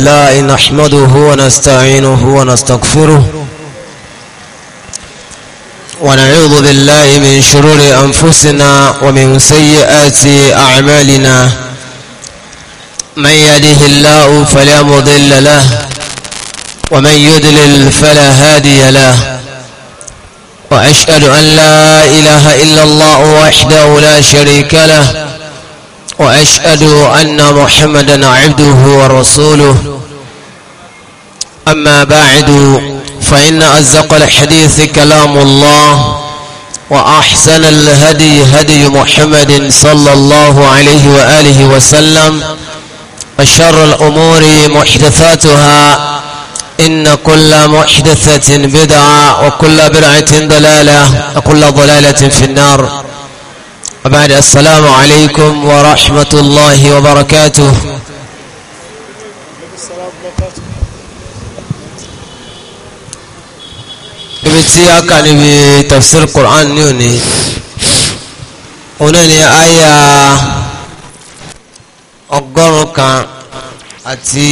الله نحمده ونستعينه ونستغفره ونعوذ بالله من شرور أنفسنا ومن سيئات أعمالنا من يده الله فلا مضل له ومن يدلل فلا هادي له وأشهد أن لا إله إلا الله وحده لا شريك له وأشهد أن محمدا عبده ورسوله أما بعد فإن أزق الحديث كلام الله وأحسن الهدي هدي محمد صلى الله عليه وآله وسلم وشر الأمور محدثاتها إن كل محدثة بدعة وكل بدعة ضلالة وكل ضلالة في النار وبعد السلام عليكم ورحمة الله وبركاته ibi tí a kà níbi tafsir Qur'an ní òní òun náà ni àyà ọgọ́rùn kan àti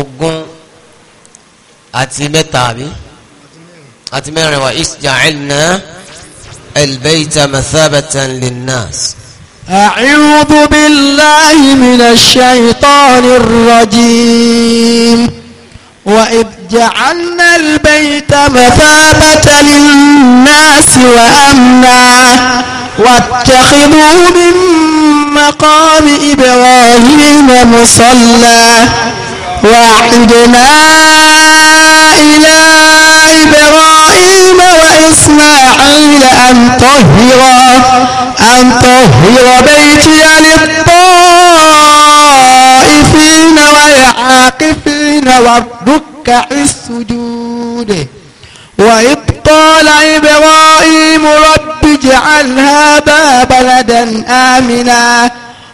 ogún àti mẹ́ta àbí àti mẹ́rin wa isja'alna albayta mathabatan linnas. أعوذ بالله من الشيطان الرجيم وإذ جعلنا البيت مثابة للناس وأمنا واتخذوا من مقام إبراهيم مصلى وعدنا إلى إبراهيم وإسماعيل أن طهر أن طهر بيتي للطائفين والعاقفين والطائفين السجود وإذ قال إبراهيم رب اجعل هذا بلدا آمنا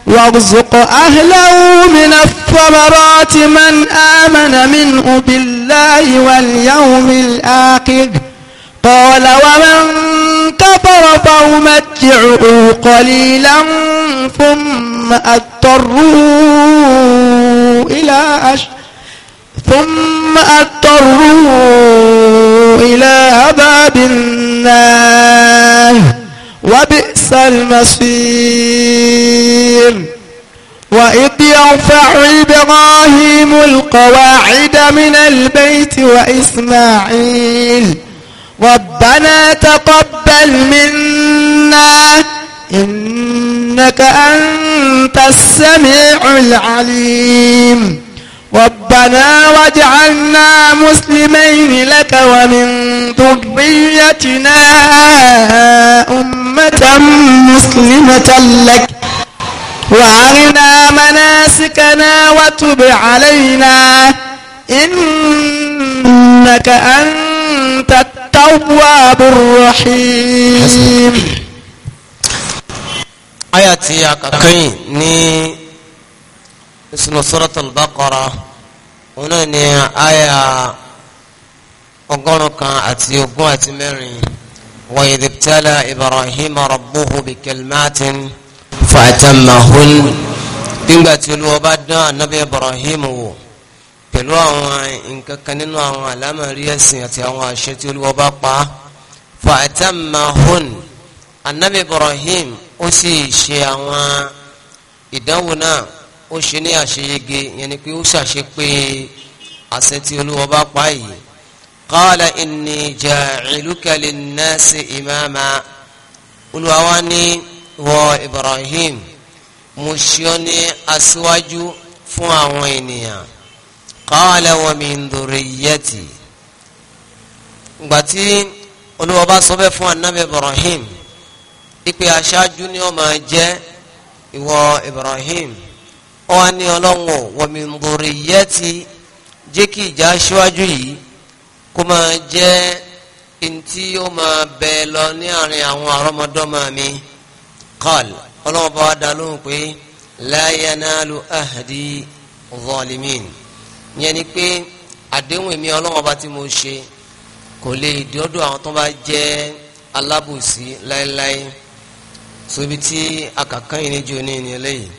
وارزق أهله من الثمرات من آمن منه بالله واليوم الآخر قال ومن كفر فأمتعه قليلا ثم أضطره إلى أش ثم ثم اضطروا الى عذاب النار وبئس المصير وإذ يرفع إبراهيم القواعد من البيت وإسماعيل ربنا تقبل منا إنك أنت السميع العليم ربنا واجعلنا مسلمين لك ومن ذريتنا أمة مسلمة لك وأرنا مناسكنا وتب علينا إنك أنت التواب الرحيم آياتي يا كاكين ني اسم سورة البقرة òun náà ni àyà ọgọ́rùn kan àti ogún àti mẹ́rin wa idh ibtala ibrahima rabbuhu bi kalimatin fa atammahun gbígbà tí olúwa bá dán ànábì ibrahim wò pẹ̀lú àwọn nǹkan kan nínú àwọn àlámọ̀rí ẹ̀sìn àti àwọn àṣẹ tí olúwa bá pa fa atammahun ibrahim ó sì ṣe àwọn ìdánwò náà ó ṣe ní àṣeyege yẹn ni pé ó ṣàṣe pé àṣẹ tí olúwa bá pa yìí qala inni ja'iluka linnasi imama olúwa wa ní wọ Ibrahim mo ṣe ọ́ ní aṣíwájú fún àwọn ènìyàn qala wa min dhurriyyati gbàtí olúwa bá sọ bẹ́ẹ̀ fún anabi Ibrahim ipe aṣáájú ni ó máa jẹ́ ìwọ Ibrahim ọwọ́ ní ọlọ́wọ́ wọ̀mìnbòrè yẹ́ ti jẹ́ kí ìjà aṣíwájú yìí kó máa jẹ́ ntí ó máa bẹ lọ ní àárín àwọn àrọ́mọdọ́mọ mi kọ́l ọlọ́wọ́ bá wa dá lóhùn pé la yanalu ahdi zalimin yẹn ni pé àdéhùn èmi ọlọ́wọ́ bá ti mo ṣe kò lè dọ́dọ̀ àwọn tó bá jẹ́ alábòsí láéláé sobi tí akàkán yìí ní jò ní ìnílẹ̀ yìí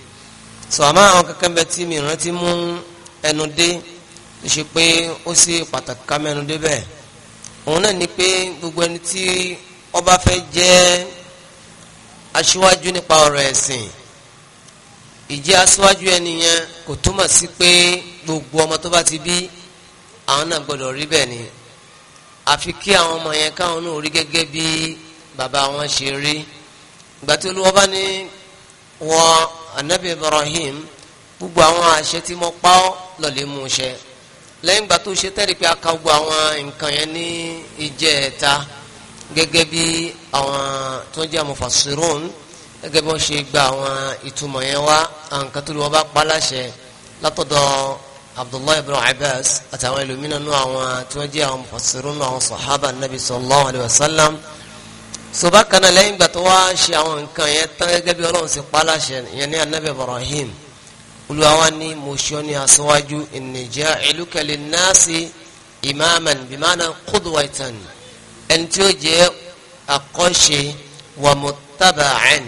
sọ àmọ́ àwọn kankan bẹ tí mi rántí mú ẹnu dé tó ṣe pé ó sì pàtàkì ká mẹ́nu dé bẹ́ẹ̀ òun náà ni pé gbogbo ẹni tí ọba fẹ́ jẹ́ aṣíwájú nípa ọ̀rọ̀ ẹ̀sìn ìjẹ́ aṣíwájú ẹni yẹn kò túmọ̀ sí pé gbogbo ọmọ tó bá ti bí àwọn náà gbọ́dọ̀ rí bẹ́ẹ̀ ni àfi kí àwọn ọmọ yẹn káwọn náà rí gẹ́gẹ́ bí bàbá wọn ṣe rí ìgbà tí olúwa bá ní wọ́n anabi ibrahim gbogbo àwọn àṣẹ tí mo pa ọ́ lọ́lẹ́ mú ṣe lẹ́yìn ìgbà tó ṣe tẹ́lẹ̀ pé a ka gbogbo àwọn nǹkan yẹn ní ìjẹta gẹ́gẹ́ bí àwọn tó jẹ́ mufassirun gẹ́gẹ́ bí wọ́n ṣe gba àwọn ìtumọ̀ yẹn wá àǹkan tó lè wọ́n bá pa láṣẹ látọ̀dọ̀ abdullahi ibn abbas àtàwọn ẹlòmíràn nú àwọn tí wọ́n jẹ́ àwọn mufassirun àwọn sahaba nabi sallallahu alayhi wa sallam soba kana lẹ́yìn ìgbà tó wá ṣe àwọn nǹkan yẹn tán gẹ́gẹ́ bí Ọlọ́run ṣe pa láṣẹ yẹn ní anabi Ibrahim olùwàwá ní mọṣọ ní aṣáájú ìnìjà ìlúkẹlẹ náàsì imaman bimana kudwaitan ẹni tí ó jẹ́ àkọ́ṣe wa muttaba'an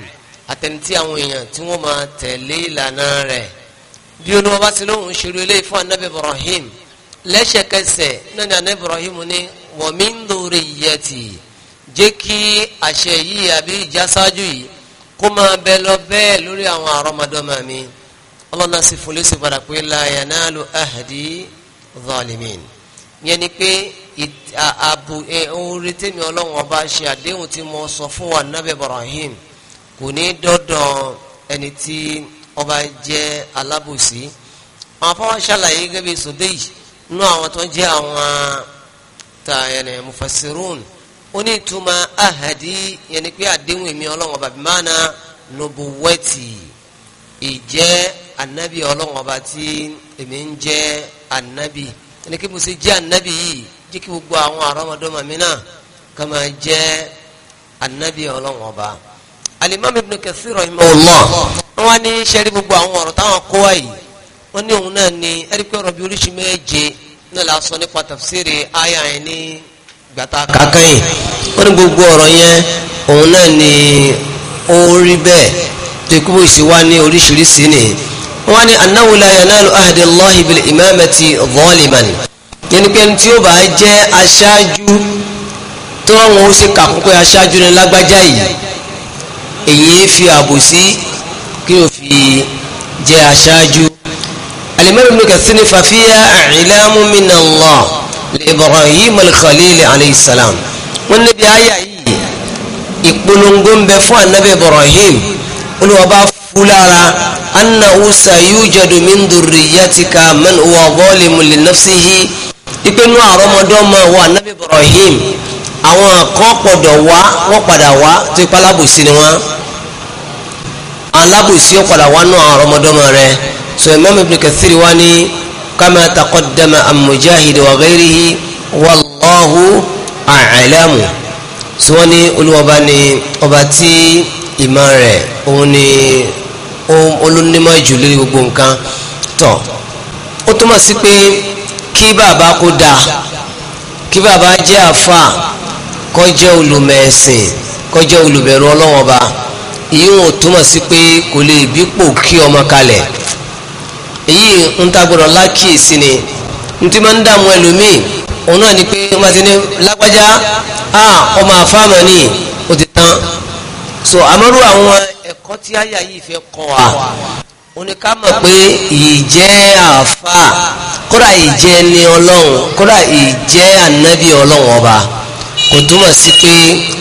àwọn èèyàn tí wọ́n máa tẹ̀lé ìlànà rẹ̀ bí olúwa bá ti lóhùn ṣerú eléyìí fún anabi Ibrahim lẹ́sẹ̀kẹsẹ̀ náà ni anabi Ibrahim ní wa min jẹ́ kí àṣẹ yìí àbí ìjásájú yìí kó máa bẹ lọ bẹ́ẹ̀ lórí àwọn àrọ́mọdọ́mọ mi ọlọ́nà sì fún lẹ́sìn padà pé la yanalu ahdi zalimin yẹn ni pé àbò orí tèmi ọlọ́run ọba ṣe àdéhùn tí mo sọ fún wa nabi Ibrahim kò ní dọ́dọ̀ ẹni tí ọba jẹ́ alábòsí àwọn afọwọ́n ṣàlàyé gẹ́gẹ́ bí sọdẹ́yì nú àwọn tó jẹ́ àwọn tààyàn mufasirun onítùmọ̀ ahadi yẹn ni pé àdéhùn èmi ọlọ́run ọba bí máa na nubuwẹ́tì ìjẹ́ anabi ọlọ́run ọba tí èmi ń jẹ́ anabi yẹn ni pé mo ṣe jẹ́ anabi yìí jẹ́ kí gbogbo àwọn àrọ́mọdọ́mọ mi náà ká máa jẹ́ anabi ọlọ́run ọba. alimam ibn kathir rahimahullah wọn ní sẹ́rí gbogbo àwọn ọ̀rọ̀ táwọn kó wáyé wọn ní òun náà ní ẹ̀rí pé ọ̀rọ̀ bí oríṣi méje náà la nípa tafsiri aya yẹn ní gbàtà kàkẹ́yìn ó ní gbogbo ọ̀rọ̀ yẹn òun náà ni ó rí bẹ́ẹ̀ tó ikú bó ṣe wá ní oríṣiríṣi ni wọ́n ní annahu la yanalu ahdi Allahi bil imamati zaliman tí ó bá jẹ́ aṣáájú tí wọ́n wọ́n ṣe kàkúkọ́ aṣáájú ní lágbájá yìí èyí fi àbòsí kí o fi jẹ́ aṣáájú alimami Ibn Kathir fafiya i'lamu min Allah. Ibrahim al-Khalil alayhi salam wọn níbi àyà yìí ìpolongo ń bẹ fún anabi Ibrahim olùwàbá fúlára annahu sayujadu min durriyatika man huwa zalimun li nafsihi ìpinnu àrọmọdọ́mọ wa anabi Ibrahim àwọn kan pọ̀dọ̀ wá wọ́n padà wá tó ipa alábòsí ni wọ́n alábòsí ó padà wá náà àrọmọdọ́mọ rẹ̀ sọ Imam Ibn Kathir wá ní. كما تقدم عن مجاهد وغيره والله أعلم سواني الوباني أباتي إمارة أوني أم أولوني ما جولي وبونكا tó ó túmọ̀ sí pé kí bàbá kó dáa kí bàbá jẹ́ àfa kó jẹ́ olùmẹ̀ẹ̀sìn kó jẹ́ olùbẹ̀rù ọlọ́wọ́n ba ìyẹn ò túmọ̀ sí pé kò lè bípò kí ọmọ kalẹ̀ èyí ń ta gbọdọ̀ lákìsí ni n ti máa ń dààmú ẹlòmíì òun náà ni pé wọ́n bá ti ní lágbájá a ọmọ àfáàmọ́ ni ó ti tán so àmọ́rú àwọn ẹ̀kọ́ tí àyà yìí fẹ́ kọ́ wa ó ní ká mọ̀ pé ìjẹ́ àfa kódà ìjẹ́ ni ọlọ́run kódà ìjẹ́ ànábì ọlọ́run ọba kò túmọ̀ sí pé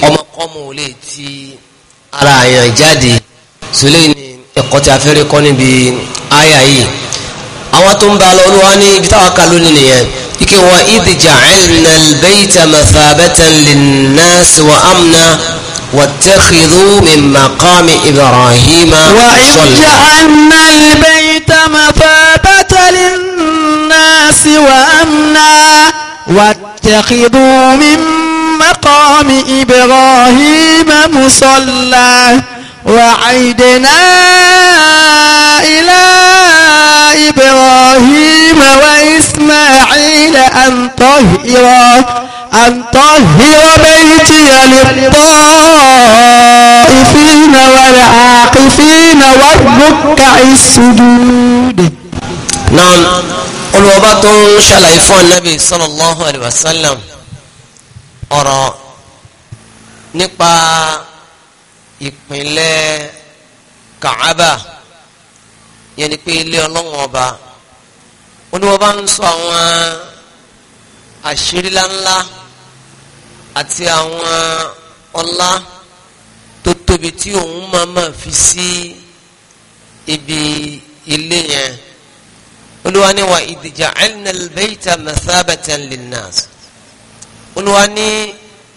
ọmọkọ́mọ ò lè ti ara àyàn jáde sólè ní ẹ̀kọ́ tí a fẹ́ rí kọ́ níbi àyà yìí. àwọn tó ń bá lọ olúwa ní ibi táwọn kà lónìí nìyẹn ike wa idh ja'alna al-bayta mathabatan lin-nas wa amna واتخذوا من مقام إبراهيم وإذ جعلنا البيت مثابة للناس وأمنا واتخذوا من مقام إبراهيم مصلى وعيدنا إلى إبراهيم وإسماعيل أن طهر أن طهر بيتي للطائفين والعاقفين والركع السجود نعم olùwọ́bá tó ń ṣàlàyé fún anabi sallallahu alayhi wa sallam ọ̀rọ̀ nípa ìpínlẹ̀ Kaaba yẹn ni pé ilé ọlọ́run ọba wọn ni wọ́n bá ń sọ àwọn àṣírí ńláńlá àti àwọn ọlá tó tóbi tí òun máa máa fi sí ibi ilé yẹn olúwa ni wa idh ja'alna al-bayta mathabatan lin-nas olúwa ni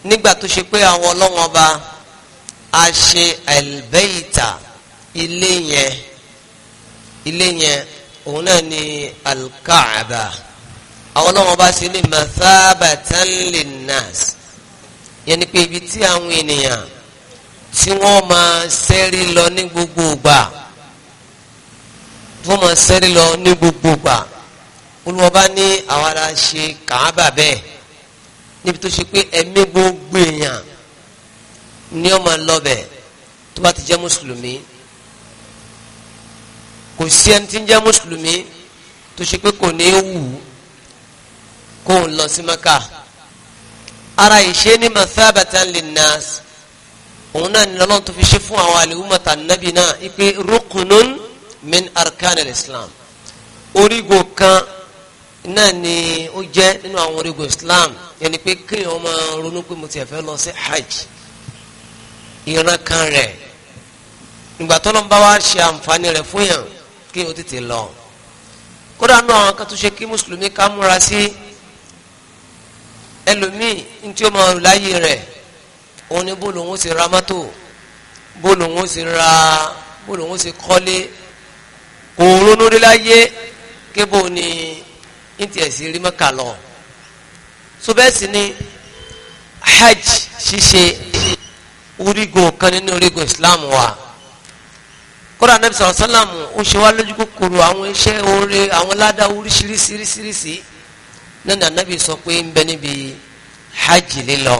nígbà tó ṣe pé àwọn ọlọ́run ọba a ṣe al ilé yẹn ilé yẹn òun náà ni alkaaba àwọn ọlọ́wọ́n bá ṣe lè mathabatan linnas yẹn ni pé ibi tí àwọn ènìyàn tí wọ́n máa sẹ́rí lọ ní gbogbo ìgbà tí wọ́n máa sẹ́rí lọ ní gbogbo ìgbà olùwọ́ba ní àwọn ará ṣe kàábà bẹ́ẹ̀ níbi tó ṣe pé ẹ̀mí gbogbo èèyàn ni ó máa tó bá ti jẹ́ mùsùlùmí kò sí ẹni tí ń jẹ́ mùsùlùmí tó ṣe pé kò ní í wù ú kó ń lọ sí maka ara ìṣe ní mathabatan linnas òun náà ni lọ́lọ́run tó fi ṣe fún àwọn àlùmọ̀tà nàbì náà ipe rukunun min arkanil islam orígun kan náà ni ó jẹ́ nínú àwọn orígun islam yẹn pé kéèyàn máa ronú pé mo ti ẹ̀fẹ́ lọ sí hajj ìran kan rẹ̀ nígbà tó lọ́n bá wá ṣe àǹfààní rẹ̀ fún yàn kí o tètè lọ kódà nù àwọn kan tó ṣe kí mùsùlùmí ká múra sí ẹlòmíì ntí ó máa rù láyé rẹ̀ òun ni bóòlù òun ó sì ra mọ́tò bóòlù òun ó sì ra bóòlù òun ó sì kọ́lé kò ronú rí láyé kébò ni ntí ẹ̀ sì rí mọ́kà lọ so bẹ́ẹ̀ sì ni hajj ṣíṣe orígun kan nínú orígun Islam wa kódà anabi sọ̀rọ̀ sálàmù ó ṣe wá lójú kòkòrò àwọn iṣẹ́ oore àwọn ládàá oríṣiríṣiríṣiríṣi nínú anabi sọ pé ń bẹ níbi hajj lílọ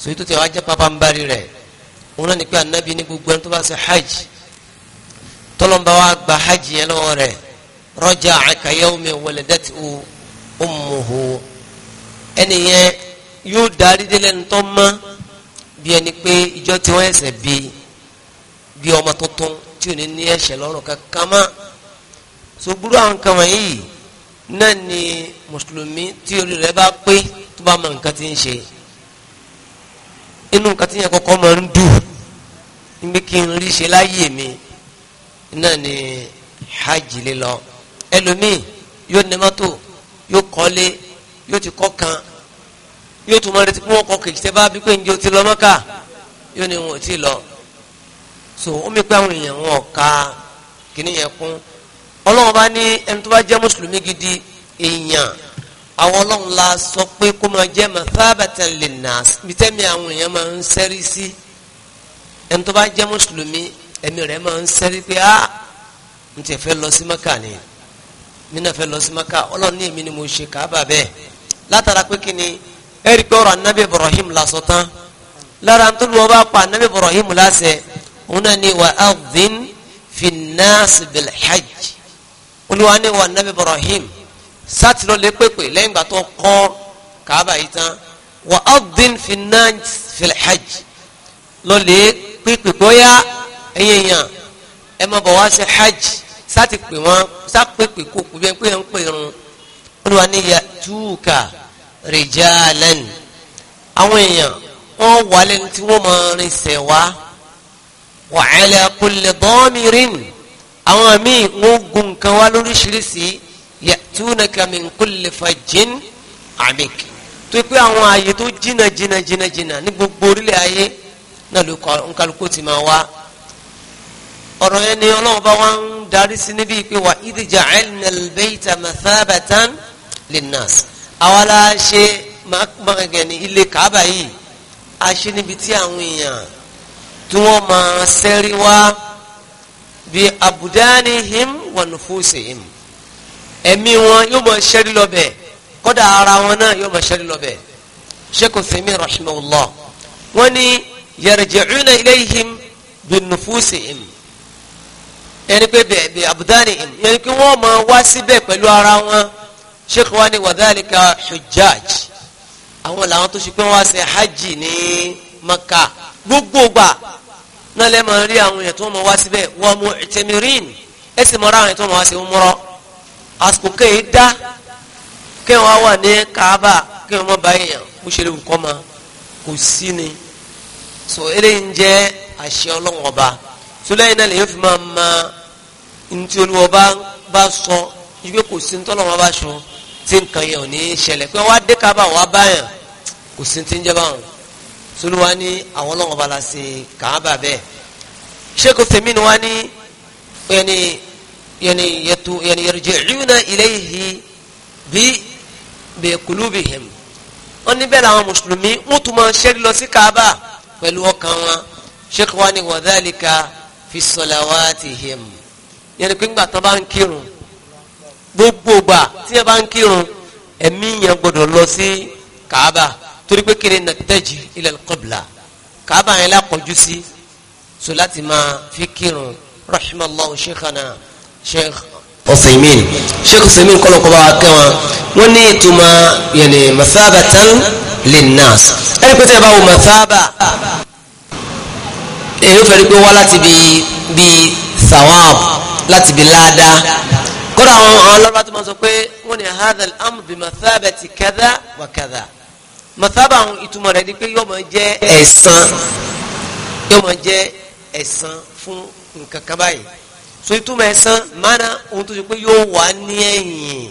sòyí tó ti wá jẹ́ pápá ń bari rẹ̀ òun náà ni pé anabi ní gbogbo ẹni tó bá ṣe hajj tọ́lọ́mbà wa gba hajj yẹn lọ́wọ́ rẹ̀ rọ́jà àkàyẹ́wòmí wọlẹ́dẹ́tì ọmọhó ẹni yẹn yóò darí délẹ̀ ńtọ́ mọ́ bí ẹni pé ìjọ tí wọ́n ẹsẹ̀ bí bí ọmọ tuntun tí ò ní ní ẹ̀ṣẹ̀ lọ́rùn kankan mọ́ sogbúrú àwọn nǹkan wọ̀nyí náà ni mùsùlùmí tí orí rẹ̀ bá pé tó bá mọ nǹkan tí ń ṣe inú nǹkan tí yẹn kọ́kọ́ máa ń dùn níbi kí n rí ṣe láyé mi náà ni hajj lílọ ẹlòmíì yóò ní mọ́tò yóò kọ́lé yóò ti kọ́ kan yóò tún máa retí pé wọ́n kọ́ kejì tẹ́ bá bí pé njẹ́ o ti lọ Mọ́kà yóò ní wọn ò lọ so omi pé àwọn èèyàn wọn ka kíní yẹn kún ọlọ́run bá ní ẹni tó bá jẹ́ mùsùlùmí gidi èèyàn àwọn ọlọ́run la sọ pé kó máa jẹ́ mathabatan linnas bitẹ́mi àwọn èèyàn máa ń sẹ́rí sí ẹni tó bá jẹ́ mùsùlùmí ẹ̀mí rẹ̀ máa ń sẹ́rí pé a ah, n tẹ̀ fẹ́ lọ sí maka ni mi náà fẹ́ lọ sí maka ọlọ́run ní èmi ni mo ṣe kàábà bẹ́ẹ̀ látara pé kí ni ẹ̀rí pé ọ̀rọ̀ anabi Ibrahim la sọ tán lára tó lọ́ọ́ bá pa anabi Ibrahim láṣẹ òun náà ni wà áàdín fi náàsì bil hajj olúwa ni wà nàbí Ibrahim sátìlọ lè pèpè lẹ́yìn ìgbà tó kọ́ kàábà yìí tán wà áàdín fi náàsì bil hajj lọ lè pèpè bóyá ẹ̀yìn èèyàn ẹ má bọ̀ wá ṣe hajj sáti pè wọ́n sápèpè kó kú bí ẹ ń pè irun olúwa ni yà túùkà rìjálẹ́nì àwọn èèyàn wọ́n wà lẹ́nu tí wọ́n máa rinṣẹ̀ wá wa ala kulli dhamirin àwọn míì wọ́n gun nǹkan wá lóríṣiríṣi ya'tunaka min kulli fajjin amik tó pé àwọn ààyè tó jìnnà jìnnà jìnnà jìnnà ní gbogbo orílẹ̀ ayé náà ló kọ́ nkálukú ti máa wá ọ̀rọ̀ yẹn ni ọlọ́run bá wá ń darí sí níbi pé wa idh ja'alna al-bayta àwa la ṣe máa gbẹ̀gẹ̀ ní ilé Kaaba a ṣe níbi tí àwọn èèyàn tí wọ́n máa sẹ́rí wá bí abudanihim wa nufusihim ẹ̀mí wọn yóò máa sẹ́rí lọ́bẹ̀ kódà ara wọn náà yóò máa sẹ́rí lọ́bẹ̀ sheikh femi rahimahullah wọ́n ní yarji'una ilayhim bi nufusihim ẹni pé bẹ́ẹ̀ bí abudanihim yẹn kí wọ́n máa wá síbẹ̀ pẹ̀lú ara wọn sheikh wa ni wadhalika hujjaj àwọn làwọn tó ṣe pé wọ́n wá ṣe hajj ní maka gbogbo gbà náà lẹ́ẹ̀ máa rí àwọn èèyàn tó mọ̀ wá síbẹ̀ wọ́n mú ìtẹ̀mírìn ẹ sì mọ̀ ra àwọn èèyàn tó mọ̀ wá sí umrah àsìkò kéè dá kéwọn wà ní kaaba kéwọn mọ̀ bá èèyàn bó ṣe lè wù kọ́ ma kò sí ni so eléyìí ń jẹ́ àṣẹ ọlọ́wọ́n ọba so náà lè yóò fi máa ma ntí olúwa bá bá sọ ibi kò sí ntọ́lọ́wọ́n bá sọ tí nǹkan yẹn ò ní ṣẹlẹ̀ pé wọ́n dé kaaba wọ́n á kò sí ti ń jẹ́ báwọn soluwa ní àwọn ọlọ́wọ́n bala ṣe kàába bẹ́ẹ̀ sheikh tẹ̀mínú wa ní yẹni yẹni yẹtu yẹni yarji'una ilayhi bí bi qulubihim wọn níbẹ̀ làwọn mùsùlùmí wọn tún máa ṣẹ́rí lọ sí kàába pẹ̀lú ọkàn wọn sheikh wa ní wa dhalika fi yẹni pé ńgbà bá ń kírun gbogbo gbà tí yẹn bá ń kírun ẹ̀mí yẹn gbọdọ̀ lọ sí kàába torí pé kí ni nàtẹ́jì ilẹ̀ kọ́bìlà kàbà yẹn lákọ̀ọ́jú sí so láti máa fi kírun rahimallahu sheikhana sheikh ọ̀sẹ̀mìn sheikh ọ̀sẹ̀mìn kọ́lọ̀ kọ́ bá wa kẹ́ wọn wọ́n ní ìtumọ̀ yẹnì mathabatan linnas ẹni pé tẹ́ ẹ bá wo mathaba èyí ó fẹ́ rí pé wá láti bi bi sawab láti bi láada kọ́dọ̀ àwọn àwọn bá tó máa sọ pé wọ́n ní hadha al-amr bi mathabati kadha wa kadha mọ̀sábà ń ìtumọ̀ rẹ̀ ni pé yóò máa jẹ́ ẹ̀san yóò máa jẹ́ ẹ̀san fún nǹkan kan báyìí so ìtumọ̀ ẹ̀san mánà ohun tó ṣe pé yóò wà ní ẹ̀yìn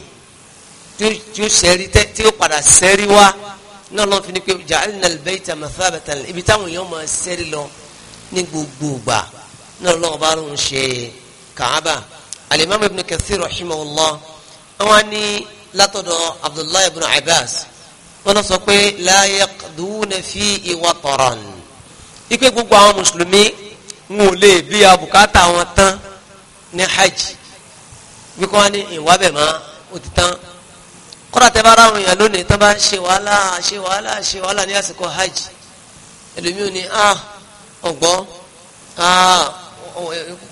tí ó sẹ́rí tẹ́ tí ó padà sẹ́rí wá náà lọ́n fi ni pé ja'alna al-bayta mathabatan ibi táwọn èèyàn máa sẹ́rí lọ ní gbogbo ìgbà náà lọ́n bá ń ṣe kàábà al ibn kathir rahimahullah wọn ni látọ̀dọ̀ abdullahi ibn abbas wọn sọ pé la yaqduna fihi wataran ipe gbogbo àwọn mùsùlùmí ń ò lè bí abùkátà wọn tán ní hajj bí kò wá ní ìwà bẹ̀ mọ́ ó ti tán kọ́ra tẹ́ bá ráwọn èèyàn lónìí tán bá ń ṣe wàhálà ṣe wàhálà ṣe wàhálà ní àsìkò hajj ẹlòmíràn ni ah ọ̀gbọ́n ah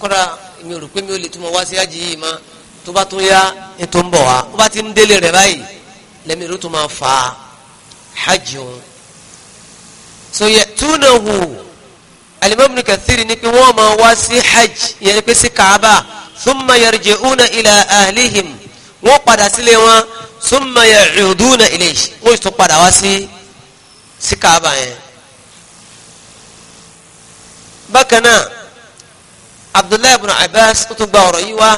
kọ́ra mi ò rò pé mi ò lè tún wá sí hajj yìí mọ́ tó bá tún yá ètò ń bọ̀ wá ó bá ti ń délé rẹ̀ báyìí lẹ́mìí ló máa fà á. hajj wọn so ya'tunahu alimami kathiri ni pé wọ́n máa wá sí hajj yẹn ni pé sí kaaba thumma yarji'una ila ahlihim wọ́n padà sílé wọn thumma ya'uduna ilayhi wọ́n tún padà wá sí sí kaaba yẹn. bákan náà abdullahi ibn abbas tó gba ọ̀rọ̀ yìí wá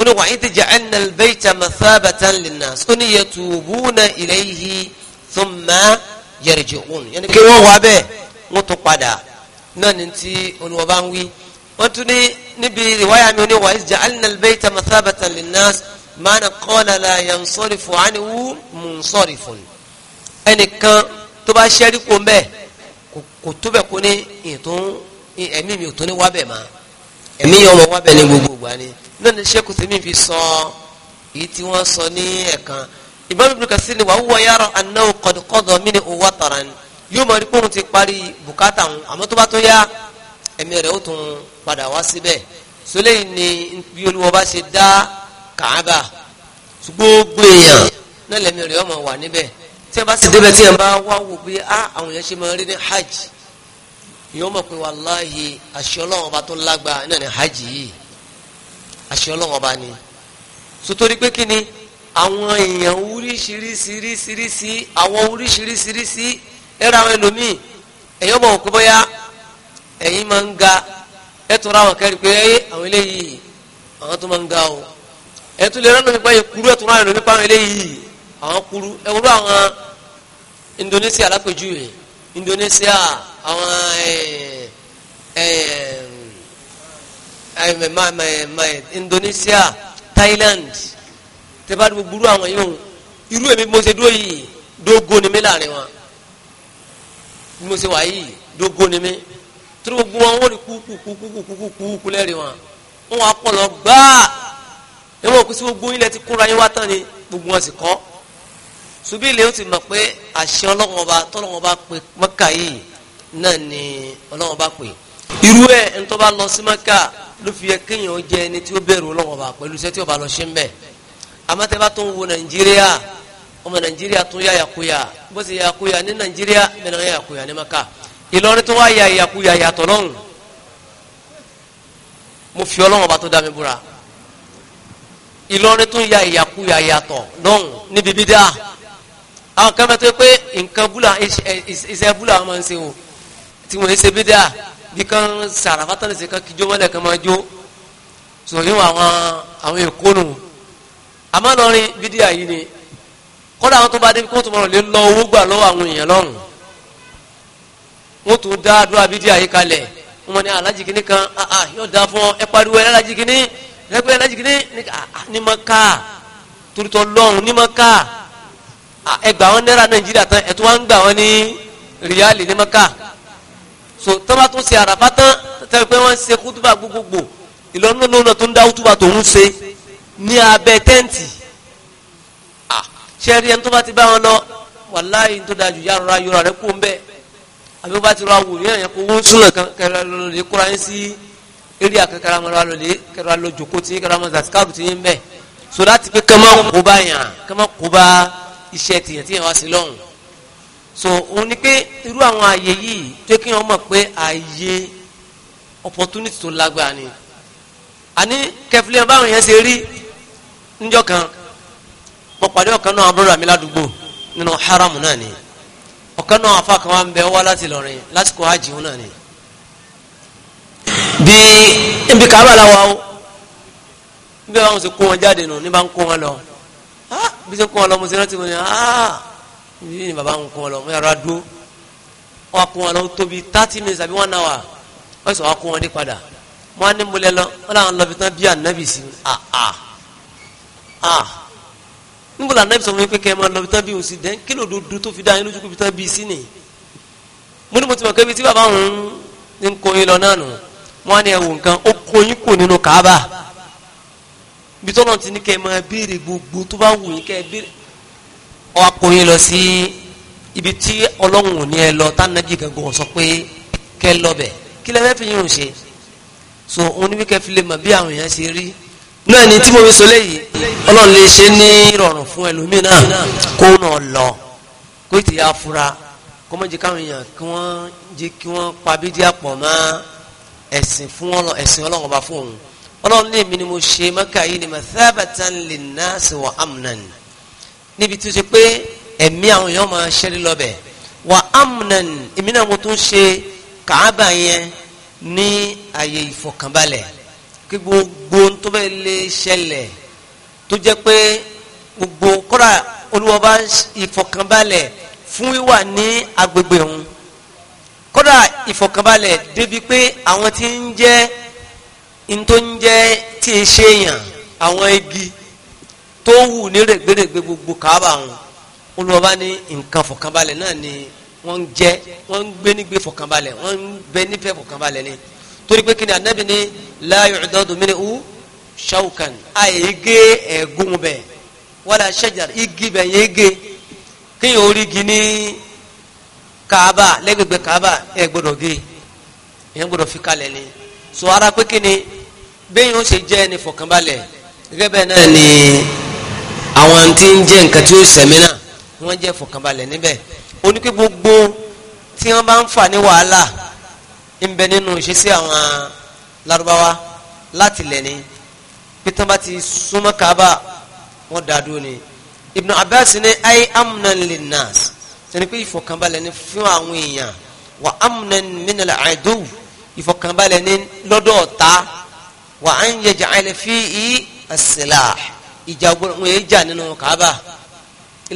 ó ní wa'id ja'alna al-bayta mathabatan lin-nas ó ní yatubuna ilayhi. thumma yarji'un yẹn ni kí wọ́n wá bẹ́ẹ̀ wọ́n tún padà náà ní ti olùwọ́ bá ń wí wọ́n tún ní níbi ìwáyà mi ní wa iz ja'alna al-bayta mathabatan lin-nas mana qala la yansarifu anhu munsarifun ẹnìkan tó bá ṣẹ́rí kó mbẹ́ kò tó bẹ̀ kó ní ìtún ẹ̀mí mi ò tó ní wá bẹ̀ máa ẹ̀mí yẹn ọmọ wá bẹ̀ ní gbogbo ìgbà ni náà ní sẹ́kù tèmi fi sọ èyí tí wọ́n sọ ní ẹ̀kan Imam Ibn Kasir ni wa huwa yara annahu qad qada minhu wataran yóò máa rí pé òun ti parí bùkátà òun àmọ́ tó bá tó yá ẹ̀mí rẹ̀ ó tún padà wá síbẹ̀ sólẹ́yìn ni bí olúwa bá ṣe dá kàába gbogbo èèyàn náà lẹ́mí rẹ̀ ọmọ wà níbẹ̀ tí ẹ bá sì débẹ̀ tí ẹ bá wá wò pé á àwọn èèyàn ṣe máa rí ní hajj yóò mọ̀ pé wàláhì àṣẹ tó lágbá náà ní hajj yìí àwọn èèyàn oríṣiríṣiríṣiríṣi àwọn oríṣiríṣiríṣi ẹ̀rọ àwọn ẹlòmíì ẹ̀yọ́ bọ̀ kó bóyá ẹ̀yin máa ń ga ẹ̀ tún ra àwọn kẹ́rì pé ẹ̀ àwọn eléyìí àwọn tó máa ń ga o ẹ̀ tún lè rán nípa yẹn kúrú ẹ̀ tún ra àwọn nípa àwọn eléyìí àwọn kúrú ẹ̀ wúlò àwọn Indonesia alápèjúwe Indonesia àwọn Indonesia Thailand tẹ́bárí gbogbo irú àwọn yìí irú èmi mo ṣe dúró yìí dógó ni mí láàrin wọn mo ṣe wà yìí dógó ni mí torí gbogbo wọn wọ́n rí kúkúkúkúkúkú lẹ́rìí wọn wọn wà pọ̀ lọ gbáà ẹ mọ̀ pé sí gbogbo ilẹ̀ ti kóra yín wá tán ni gbogbo wọn sì kọ́ ṣùgbọ́n ilé ó ti mọ̀ pé àṣẹ ọlọ́wọ́n ọba tọ́lọ́wọ́n ọba pé mọ́kà yìí náà ni ọlọ́wọ́n ọba pè irú ẹ̀ ń tọ́ bá lọ sí mọ́kà ló fi yẹ kéèyàn jẹ ẹni tí ó bẹ̀rù ọlọ́wọ́n ọba pẹ̀lú iṣẹ́ tí ọba lọ ṣe ń bẹ̀ àmọ́ tẹ́ bá tó ń wo nàìjíríà ọmọ nàìjíríà tó yá yakuya bó ṣe yakuya ní nàìjíríà mẹ́rin yá yakuya ní maka ìlọrin tó wá ya yakuya yàtọ̀ lọ́hùn mo fi ọlọ́run ọba tó dá mi búra ìlọrin tó ya ìyàkuyà yàtọ̀ lọ́hùn níbi bídá àwọn kan mẹ́tọ́ pé nǹkan búlà iṣẹ́ búlà wọn máa ń ṣe o tí wọ́n ṣe bídá bí kan sàràfàtàn ṣe kan kíjó mọ́lẹ̀ kan máa jó sọ yóò àwọn àwọn èkó nù àmọ́ lọ́rin fídíà yìí ni kọ́dà àwọn tó bá débi kóòtù mọ̀ràn lé lọ owó gbà lọ́wọ́ àwọn èèyàn lọ́rùn wọ́n tún dá àdúrà fídíà yìí kalẹ̀ wọ́n ní ah, alájì kìíní kan ah, ah, yóò dá fún ẹ pariwo ẹ alájì kìíní lẹ́gbẹ́ alájì kìíní ní ma ká torítọ́ lọ́rùn ní ma ká ẹgbà wọn náírà nàìjíríà tán ẹ̀ tó wá ń gbà wọn ní ríálì ní ma ká so tọ́ba tún ṣe àràfá tán tẹ́lẹ̀ pé wọ́n ṣe kútúbà gbogbogbò ìlọ́nù tó ń dá kútúbà tó ń ṣe ní abẹ́ tẹ́ǹtì ṣe rí ẹni tó bá ti bá wọn lọ wàláyé tó dájú yára ra yọra rẹ kó ń bẹ àbí wọn bá ti rọ àwò yẹn yẹn kó wọn súnà kẹrẹ lọlọlẹ kóra yín sí eré àkẹkẹrẹ amọra lọlẹ kẹrẹ lọ jòkó tí kẹrẹ amọra zaskaru tí yín bẹ so láti pé kẹmọ kó bá yàn kẹmọ kó bá iṣẹ́ tìyẹn tìyẹn wá sí lọ́hùn so òun ni pé irú àwọn àyè yìí tó kí wọn mọ̀ pé àyè opportunity tó lágbára ni àní kẹfìlẹ báwọn yẹn ṣe rí níjọ́ kan mo pàdé ọ̀kan náà abúlé mi ládùúgbò nínú haramu náà ni ọ̀kan náà afa kan wa ń bẹ wá láti lọ́rin lásìkò àjì náà ni. bí ibi kàábà làwọn o bí wọn sì kó wọn jáde nù ní bá ń kó wọn lọ bí sẹ́ kó wọn lọ mo sì rántí mo ní bí ni bàbá ń kó wọn lọ mo yàrá dúró wọn kó wọn lọ tóbi thirty minutes àbí one hour wọn sọ wọn kó wọn dé padà wọn á ní mo lọ wọn làwọn lọ fi tán bí ànábì sí ah ah ah níbula la sọ fún mi pé kẹ́ ẹ máa lọ bí tábìlì sí dẹ́n kí ló dodo tó fi dá yín lójú kó bí sí ni mo ní mo ti mọ̀ kébi tí bàbá òun ń kó yín lọ náà nù wọ́n á ní ẹ̀wò nǹkan ó kó yín kù nínú kàába bí tọ́lọ̀ ti ní kẹ́ ẹ máa béèrè gbogbo tó bá wù yín kẹ́ ẹ béèrè ọ wá kó yín lọ sí ibi tí ọlọ́run ò ní ẹ lọ tánàbí gàngàn sọ pé kẹ́ ẹ lọ bẹ̀ kí lẹ́ fẹ́ fi yín ò ṣe so òun ní wíkẹ́ fi lè náà ni tí mo fi so léyìí ọlọ́run lè ṣe ní ìrọ̀rùn fún ẹlòmíì náà kó nà lọ kó ti yà fura kó má jẹ́ káwọn èèyàn kí wọ́n jẹ́ kí wọ́n pa bídíà pọ̀ mọ́ ẹ̀sìn fún ẹ̀sìn ọlọ́run ọba fún òun ọlọ́run lè mi ni mo ṣe mọ́kà yìí ni mathabatan linnasi wa amnan níbi tó ṣe pé ẹ̀mí àwọn èèyàn máa ṣẹ́rí lọ́bẹ̀ wa amnan èmi náà mo tún ṣe kàábà yẹn ní àyè ìfọ̀kànbalẹ̀ kí gbogbo tó bẹ́ẹ̀ lè ṣẹlẹ̀ tó jẹ́ pé gbogbo kọ́ra olúwọba ìfọ̀kànbalẹ̀ fún wíwà ní agbègbè òun kọ́ra ìfọ̀kànbalẹ̀ débi pé àwọn tí ń jẹ́ n tó ń jẹ́ tí ì ṣe èèyàn àwọn igi tó wù ní rẹ̀gbẹ̀rẹ̀gbẹ̀ gbogbo kàábà òun olùwọ́ba ní nǹkan fọ̀kànbalẹ̀ náà ni wọ́n ń jẹ́ wọ́n ń gbé nígbé fọ̀kànbalẹ̀ wọ́n ń bẹ nífẹ̀ẹ́ fọ̀kànbalẹ̀ ni torí pé kíni anabi ni láàyò ìdọ́dọ̀ mi ni ó ṣàwùkàn àyè gé ẹ̀gún bẹ̀ wọ́n lọ ṣẹ̀jàr igi bẹ̀ yẹn gé kínyìn orí gi ní kaaba lẹ́gbẹ̀gbẹ̀ kaaba ẹ̀ gbọ́dọ̀ gé ẹ̀ gbọ́dọ̀ fi kalẹ̀ ni sọ ara pé kíni bẹ́ẹ̀ yóò ṣe jẹ́ ẹni fọkànbalẹ̀ gẹ́gẹ́ bẹ́ẹ̀ náà ni àwọn tí ń jẹ́ nǹkan tí ó sẹ̀mí náà wọ́n jẹ́ fọkànbalẹ̀ níbẹ̀ oníkẹ́ tí wọ́n bá ń fà ní wàhálà ń bẹ nínú ìṣesí àwọn Lárúbáwá láti lẹ̀ ní pété bá ti súnmọ́ Kaaba wọ́n dá dúró ni Ibn Abbas ní ayé amnan linnas sani pé ìfọ̀kànbalẹ̀ ní fún àwọn èèyàn wà amnan minal aduw ìfọ̀kànbalẹ̀ ní lọ́dọ̀ ọ̀tá wà á ń yẹjà àìlẹ̀ fi í àṣìlá ìjà wọn yéé jà nínú Kaaba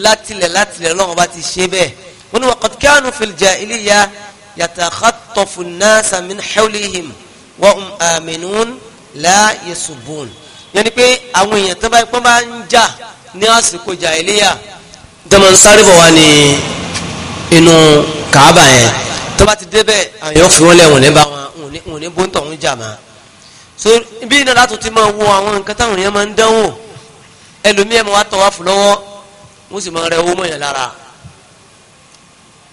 látilẹ̀ látilẹ̀ lọ́wọ́ bá ti ṣe bẹ́ẹ̀ wọn ni waqad kanu fil jahiliya yatakhattafu an-nasa min hawlihim wa hum aminun la yasubun yẹni pé àwọn èèyàn tó bá ipá bá ń jà ní àsìkò jahiliya dọ́mọ̀ ń sáré bọ̀ wá ní inú kàábà yẹn tó bá ti débẹ̀ àwọn yóò fi wọ́n lẹ̀ wọ̀n ní wọn wọn ní bó ń jà máa so bí iná látò ti máa wo àwọn nǹkan táwọn èèyàn máa ń dánwò ẹlòmíẹ̀ máa wá fún lọ́wọ́ wọ́n sì máa rẹ owó mọ̀yàn lára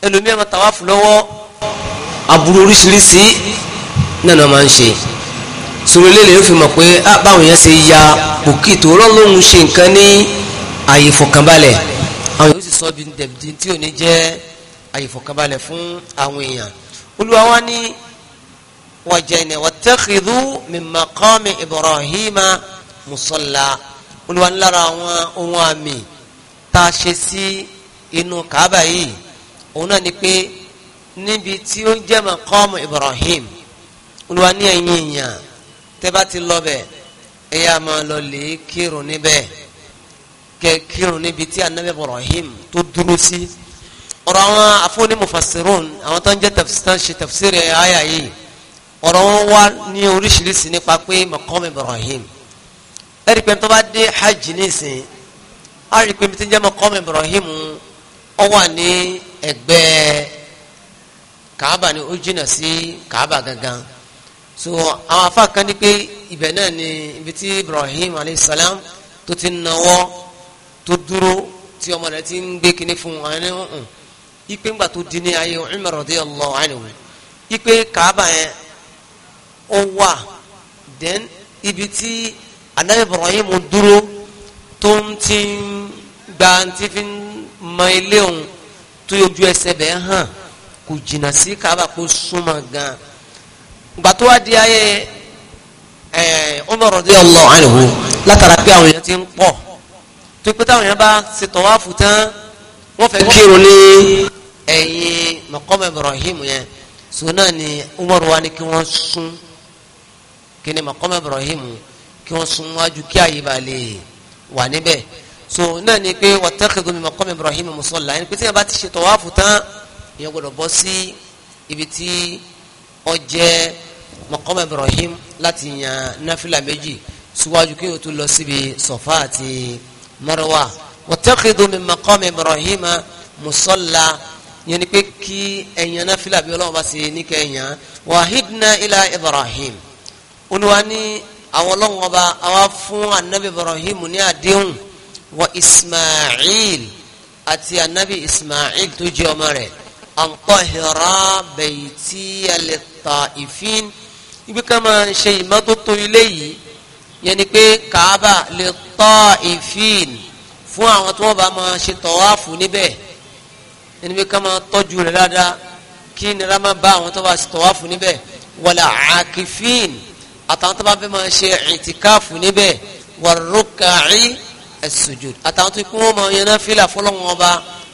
ẹlòmíẹ̀ máa tọ̀ fún lọ́wọ́ aburú oríṣiríṣi náà ni wọ́n máa ń ṣe sọ̀rọ̀ lélẹ̀ yóò fi mọ̀ pé ah, báwọn yẹn ṣe ya òkè tó rọ́lọ́hún ṣe nǹkan ní àyè ìfọ̀kànbalẹ̀ àwọn yóò sì sọ bí dẹ̀bìdì tí ò ní jẹ́ àyè ìfọ̀kànbalẹ̀ fún àwọn èèyàn olúwa wa ní wàjẹ̀nẹ̀ wàtẹ́kìdú mímàkọ́mi Ibrahima musalla olúwa ní lára àwọn ohun àmì tá a ṣe sí inú Kaaba yìí òun náà ni pé níbi tí ó jẹ́ maqam Ibrahim olúwa ní ẹ̀yìn èèyàn tẹ́ bá ti lọ bẹ̀ ẹ̀ yá máa lọ lè kírun níbẹ̀ kẹ kírun níbi tí anabi Ibrahim tó dúró sí ọ̀rọ̀ àwọn afọ́nímùfàsirun àwọn tó ń jẹ́ ṣe tafsiri àyà yìí ọ̀rọ̀ wọn wá ní oríṣiríṣi nípa pé maqam Ibrahim ẹ̀rí pé tó bá dé hajj nísìnyí á pé mi ti jẹ́ maqam Ibrahim ó wà ní ẹgbẹ́ kàábà ni ó jìnnà sí kàábà gangan so àwọn afa kan ní pé ibẹ̀ náà ni ibi tí Ibrahim aleyhisselam tó ti nawọ́ tó dúró tí ọmọ rẹ̀ ti ń gbé kinní fún un àwọn ẹni ipe ńgbà tó di ní ayé Umar radiyallahu anhu ipe kàábà yẹn ó wà then ibi tí anabi Ibrahim dúró tó ń ti gba ti fi mọ ilé òun tó yọjú ẹsẹ̀ bẹ́ẹ̀ hàn kò jìnnà sí kaaba kò súnmọ́ gan ìgbà tó wá di ayé ẹ Umar radiyallahu anhu látara pé àwọn èèyàn ti ń pọ̀ tó pé táwọn èèyàn bá ṣe tọ̀wáfù tán wọ́n fẹ́ kírun ní ẹ̀yìn maqam Ibrahim yẹn so náà ni Umar wa ni kí wọ́n sún kí ni maqam Ibrahim kí wọ́n sún wájú kí àyè wà níbẹ̀ so náà ni pé wattakhidhu min maqam Ibrahim musalla ẹni pé tí wọ́n bá ti ṣe tọ̀wáfù tán èèyàn gbọ́dọ̀ bọ́ sí ibi tí ó jẹ́ mọ̀kọ́mọ̀ Ibrahim láti yan náfìlà méjì síwájú kí o tún lọ síbi sọ̀fà àti Marwa wọ́tẹ́kìdù min mọ̀kọ́mọ̀ Ibrahim musọ́lá yẹn ni pé kí ẹ̀yàn náfìlà bí ọlọ́wọ́ bá ṣe ní kẹ́yàn wàhídìnà ilà Ibrahim olùwà àwọn ọlọ́wọ́ bá àwa fún anabi Ibrahim ní àdéhùn wa Ismail àti anabi Ismail tó jẹ́ ọmọ rẹ̀ an tahira baytiya lit-ta'ifin ibi ká máa ń ṣe ìmọ́tótó ilé yìí yẹn ni pé kàábà lit-ta'ifin fún àwọn tí wọ́n bá máa ṣe tọ́wáfù níbẹ̀ yẹn ni pé ká máa tọ́jú rẹ̀ dáadáa kí nira máa bá àwọn tó bá ṣe tọ́wáfù níbẹ̀ wala akifin àtàwọn tó bá fẹ́ máa ṣe ìtìkáfù níbẹ̀ warruka'i as àtàwọn tó kún wọn máa yẹn náà fílà fọlọ́wọn ọba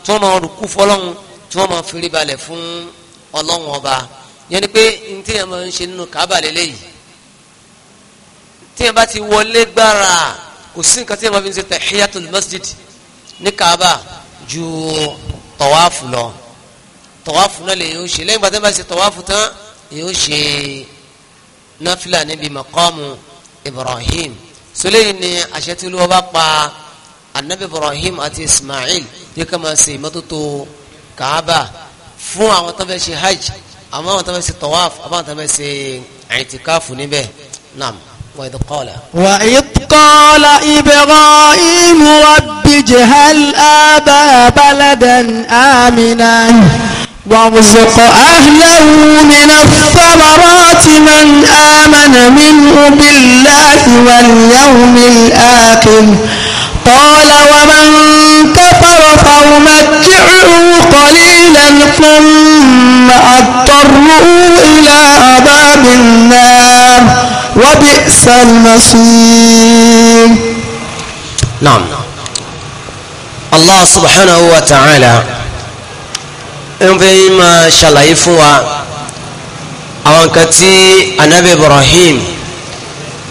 tó máa rùkú fọlọ́wọn tí wọ́n máa fìrí balẹ̀ fún ọlọ́run ọba yẹn ni pé n tí yẹn máa ń ṣe nínú kábà lélẹ́yìí tí yẹn bá ti wọlé gbára kò sí nǹkan tí yẹn máa fi ń ṣe tahiyatul masjid ní kábà ju tọ́wáfù lọ tọ́wáfù náà lè yóò ṣe lẹ́yìn bá tẹ́ bá ṣe tọ́wáfù tán yóò ṣe náfìlà níbi maqamu Ibrahim sọlẹ́yìn ni àṣẹ tí olúwa bá pa anabi Ibrahim àti Ismail yẹ ká máa ṣe ìmọ́tótó kaaba fún àwọn tó fẹ́ ṣe hajj àmọ́ àwọn tó fẹ́ ṣe tawaf àmọ́ àwọn tó fẹ́ ṣe àìtìkáfù níbẹ̀ nam wa idh qala. wa idh qala ibrahim rabbi jahal aba baladan amina. وارزق أهله من الثمرات من آمن منه بالله واليوم الآخر قال ومن كفر فأمتعه قليلا ثم أضطره إلى عذاب النار وبئس المصير نعم الله سبحانه وتعالى ń ما شاء الله يفوى أوان كتي أنبي إبراهيم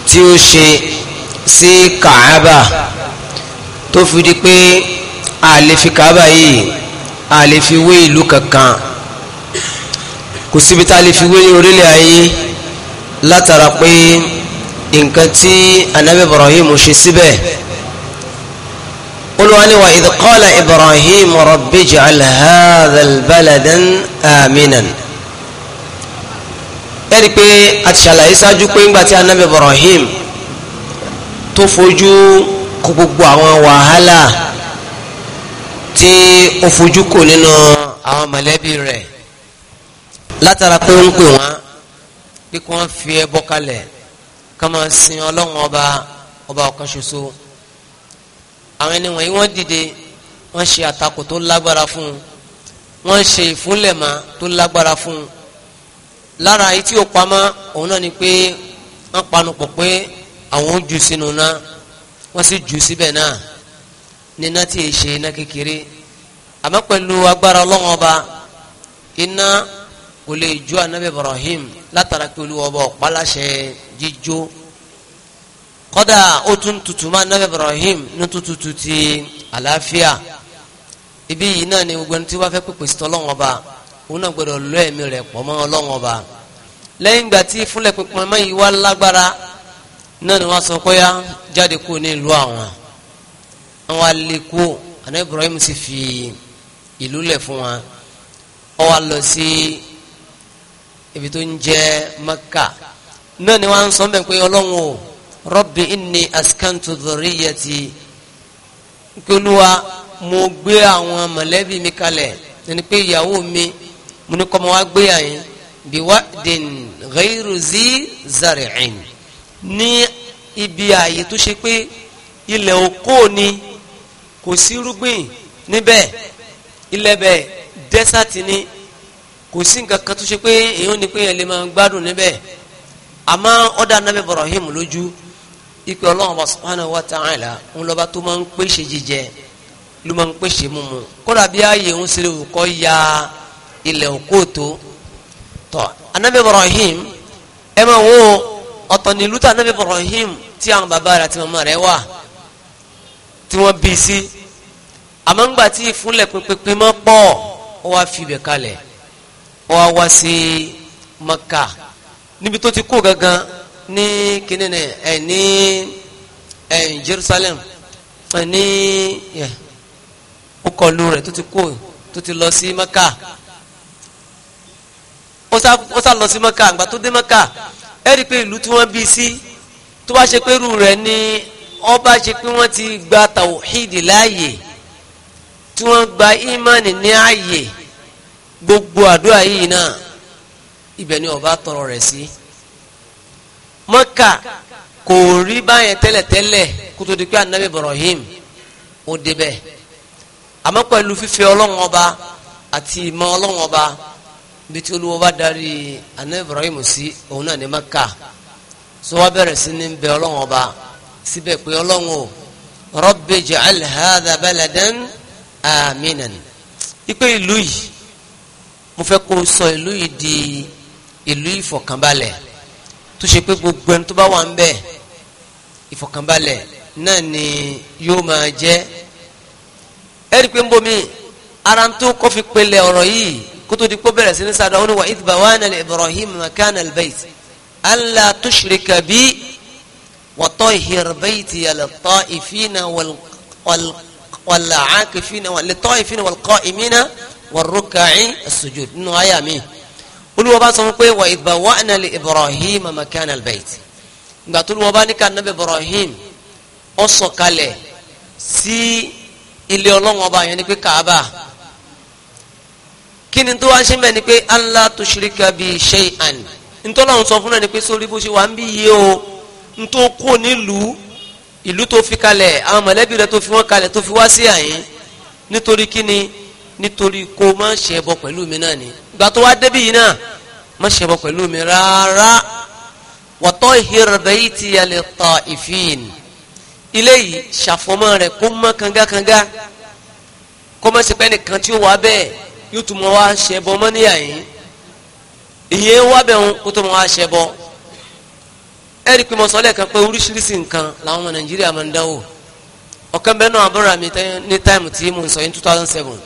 تيوشي سي كعبة tó fi di pé a lè fi Kaaba yìí a lè fi wé ìlú kankan kò síbi tá a lè fi wé ní orílẹ̀ ayé látara pé nǹkan tí anabi Ibrahim ṣe síbẹ̀ olùwàní wa Ibrahim rabbi ij'al hadhal baladan pé a ti ṣàlàyé ṣáájú pé ńgbà tí anabi Ibrahim tó fojú kó gbogbo àwọn wàhálà tí ó fojú kò nínú àwọn mọ̀lẹ́bí rẹ̀ látara pé ń pè wọ́n pé kí wọ́n fi ẹbọ kalẹ̀ ká máa sin ọlọ́run ọba ọba ọ̀kan ṣoṣo àwọn ẹni wọ̀nyí wọ́n dìde wọ́n ṣe àtakò tó lágbára fún un wọ́n ṣe ìfúnlẹ̀mọ́ tó lágbára fún un lára etí ò òun náà ni pé wọ́n panupọ̀ pé àwọn ó sínú náà wọ́n sì jù síbẹ̀ náà níná tí è ṣe iná kékeré àmọ́ pẹ̀lú agbára ọlọ́wọ́n ọba iná kò lè jó anabi Ibrahim látara pé olúwa ọba ọ̀páláṣẹ jíjó kọ́dà ó tún tutù mọ́ anabi Ibrahim ní tututu ti àlàáfíà ibi yìí náà ni gbogbo ẹni tí wọ́n fẹ́ pèpè sí tọ́lọ́wọ́n ọba òun náà gbọ́dọ̀ lọ ẹ̀mí rẹ̀ pọ̀ mọ́ ọlọ́wọ́n ọba lẹ́yìn ìgbà tí fúnlẹ̀ pípọn mọ́ yìí lágbára náà ni wọ́n sọ pé yá jáde kúrò ní ìlú àwọn àwọn alẹ́kú àná Ibrahim sì fi ìlú lẹ̀ fún wa ó wá lọ sí ibi tó ń jẹ́ Mẹ́kà náà ni wọ́n sọ bẹ́ẹ̀ pé ọlọ́run o Rabbi inni askantu dhurriyyati pé olúwa mo gbé àwọn mọ̀lẹ́bí mi kalẹ̀ ẹni pé ìyàwó mi mo ní kọ́ mọ́ wá gbé yàn yín biwadin ghayru zi zari'in ní ibi ààyè tó ṣe pé ilẹ̀ oko ni kò sí irúgbìn níbẹ̀ ilẹ̀ bẹ̀ dẹ́sàtì ni kò sí nǹkan kan tó ṣe pé èèyàn ni pé ẹ lè máa gbádùn níbẹ̀ àmọ́ ọ̀dà nàbẹ̀ Ibrahim lójú ìpè Ọlọ́run subhanahu wa ta'ala ńlọba tó máa ń pèsè jíjẹ ló máa ń pèsè mímu kódà bí ààyè ń ṣe lè ya ilẹ̀ oko tó tọ́ anabi Ibrahim ẹ máa wọ́n ọ̀tọ̀ ní ìlú tí anabi Ibrahim tí àwọn bàbá rẹ̀ àti màmá rẹ̀ wà tí wọ́n bí sí àmọ́ ńgbà tí ìfúnlẹ̀ pínpín mọ́ pọ̀ ó wá fi ibẹ̀ kalẹ̀ ó wá wá sí Maka níbi tó ti kó gangan ní kíní ní ẹ ní Jerusalem ẹ ní ẹ ó kọlu rẹ̀ tó ti kó tó ti lọ sí Maka ó sá lọ sí Maka àgbà tó dé Maka ẹ rí i pé ìlú tí wọ́n bí sí tó bá ṣe pé irú rẹ̀ ni wọ́n bá ṣe pé wọ́n ti gba tàwọ̀hídì láàyè tí wọ́n gba ìmánì ní ààyè gbogbo àdúrà yìí náà ibẹ̀ ni ọba tọrọ rẹ̀ sí mọ́kà kò rí báyẹn tẹ́lẹ̀tẹ́lẹ̀ kó di pé anabi Ibrahim ó débẹ̀ àmọ́ pẹ̀lú fífẹ́ ọlọ́run ọba àti ìmọ̀ ọlọ́run ọba bí tí olúwo bá darí àná Ibrahim sí òun náà ní Maka so wá bẹ̀rẹ̀ sí ní bẹ ọlọ́run ọba síbẹ̀ pé ọlọ́run o Rabbi ja'al hadha baladan aminan ipe ìlú yìí mo fẹ́ kó sọ ìlú yìí di ìlú ìfọ̀kànbalẹ̀ tó ṣe pé gbogbo ẹni tó bá wà ń bẹ ìfọ̀kànbalẹ̀ náà ni yóò máa jẹ́ ẹ̀rí pé ń bomi ara tó kọ́ fi pele ọ̀rọ̀ yìí kótó di kó bẹ̀rẹ̀ sí ní sàdúrà ó ní wa idba wa nà lè Ibrahim makan albayt alla tushrika bi wa tahhir bayti lil ta'ifina wal aakifina lil ta'ifina wal qa'imina wal ruk'i as-sujud nínú àyà mi olùwọ́ bá sọ fún pé wa idba wa nà Ibrahim makan albayt gbàtú olùwọ́ bá ní ká nàbẹ̀ Ibrahim ó sọ̀kalẹ̀ sí ilé ọlọ́wọ́n ọba yẹn ní Kaaba kí ni tó wá ṣe ń bẹ̀ ni pé Allah tushrika bi shay'an ntọ́lọ́run sọ fún náà ni pé sórí bó ṣe wà ń bí yé o ntó kó nílùú ìlú tó fi kalẹ̀ àwọn mọ̀lẹ́bí rẹ tó fi wọ́n kalẹ̀ tó fi wá sí àyín nítorí kí ni nítorí kó má ṣe bọ pẹ̀lú mi náà ni ìgbà tó wá débí yìí náà má ṣe bọ pẹ̀lú mi rárá wa tahhir baytiya lit-ta'ifin ilé yìí ṣàfọmọ́ rẹ̀ kó kanga kangakanga kó má ṣe pẹ́ nìkan tí ó wà bẹ́ẹ̀ yóò tún mọ wá ṣẹbọ mọ́níyà yìí ìyẹn wá bẹ̀ wọn kó tó mọ wá ṣẹbọ ẹ̀rí pé mo sọ lẹ́ẹ̀kan pé oríṣiríṣi nǹkan làwọn ọmọ nàìjíríà máa ń dáwò ọ̀kan bẹ́ẹ̀ náà àbúrò mi ní táìmù tí mo ń sọ yín two thousand seven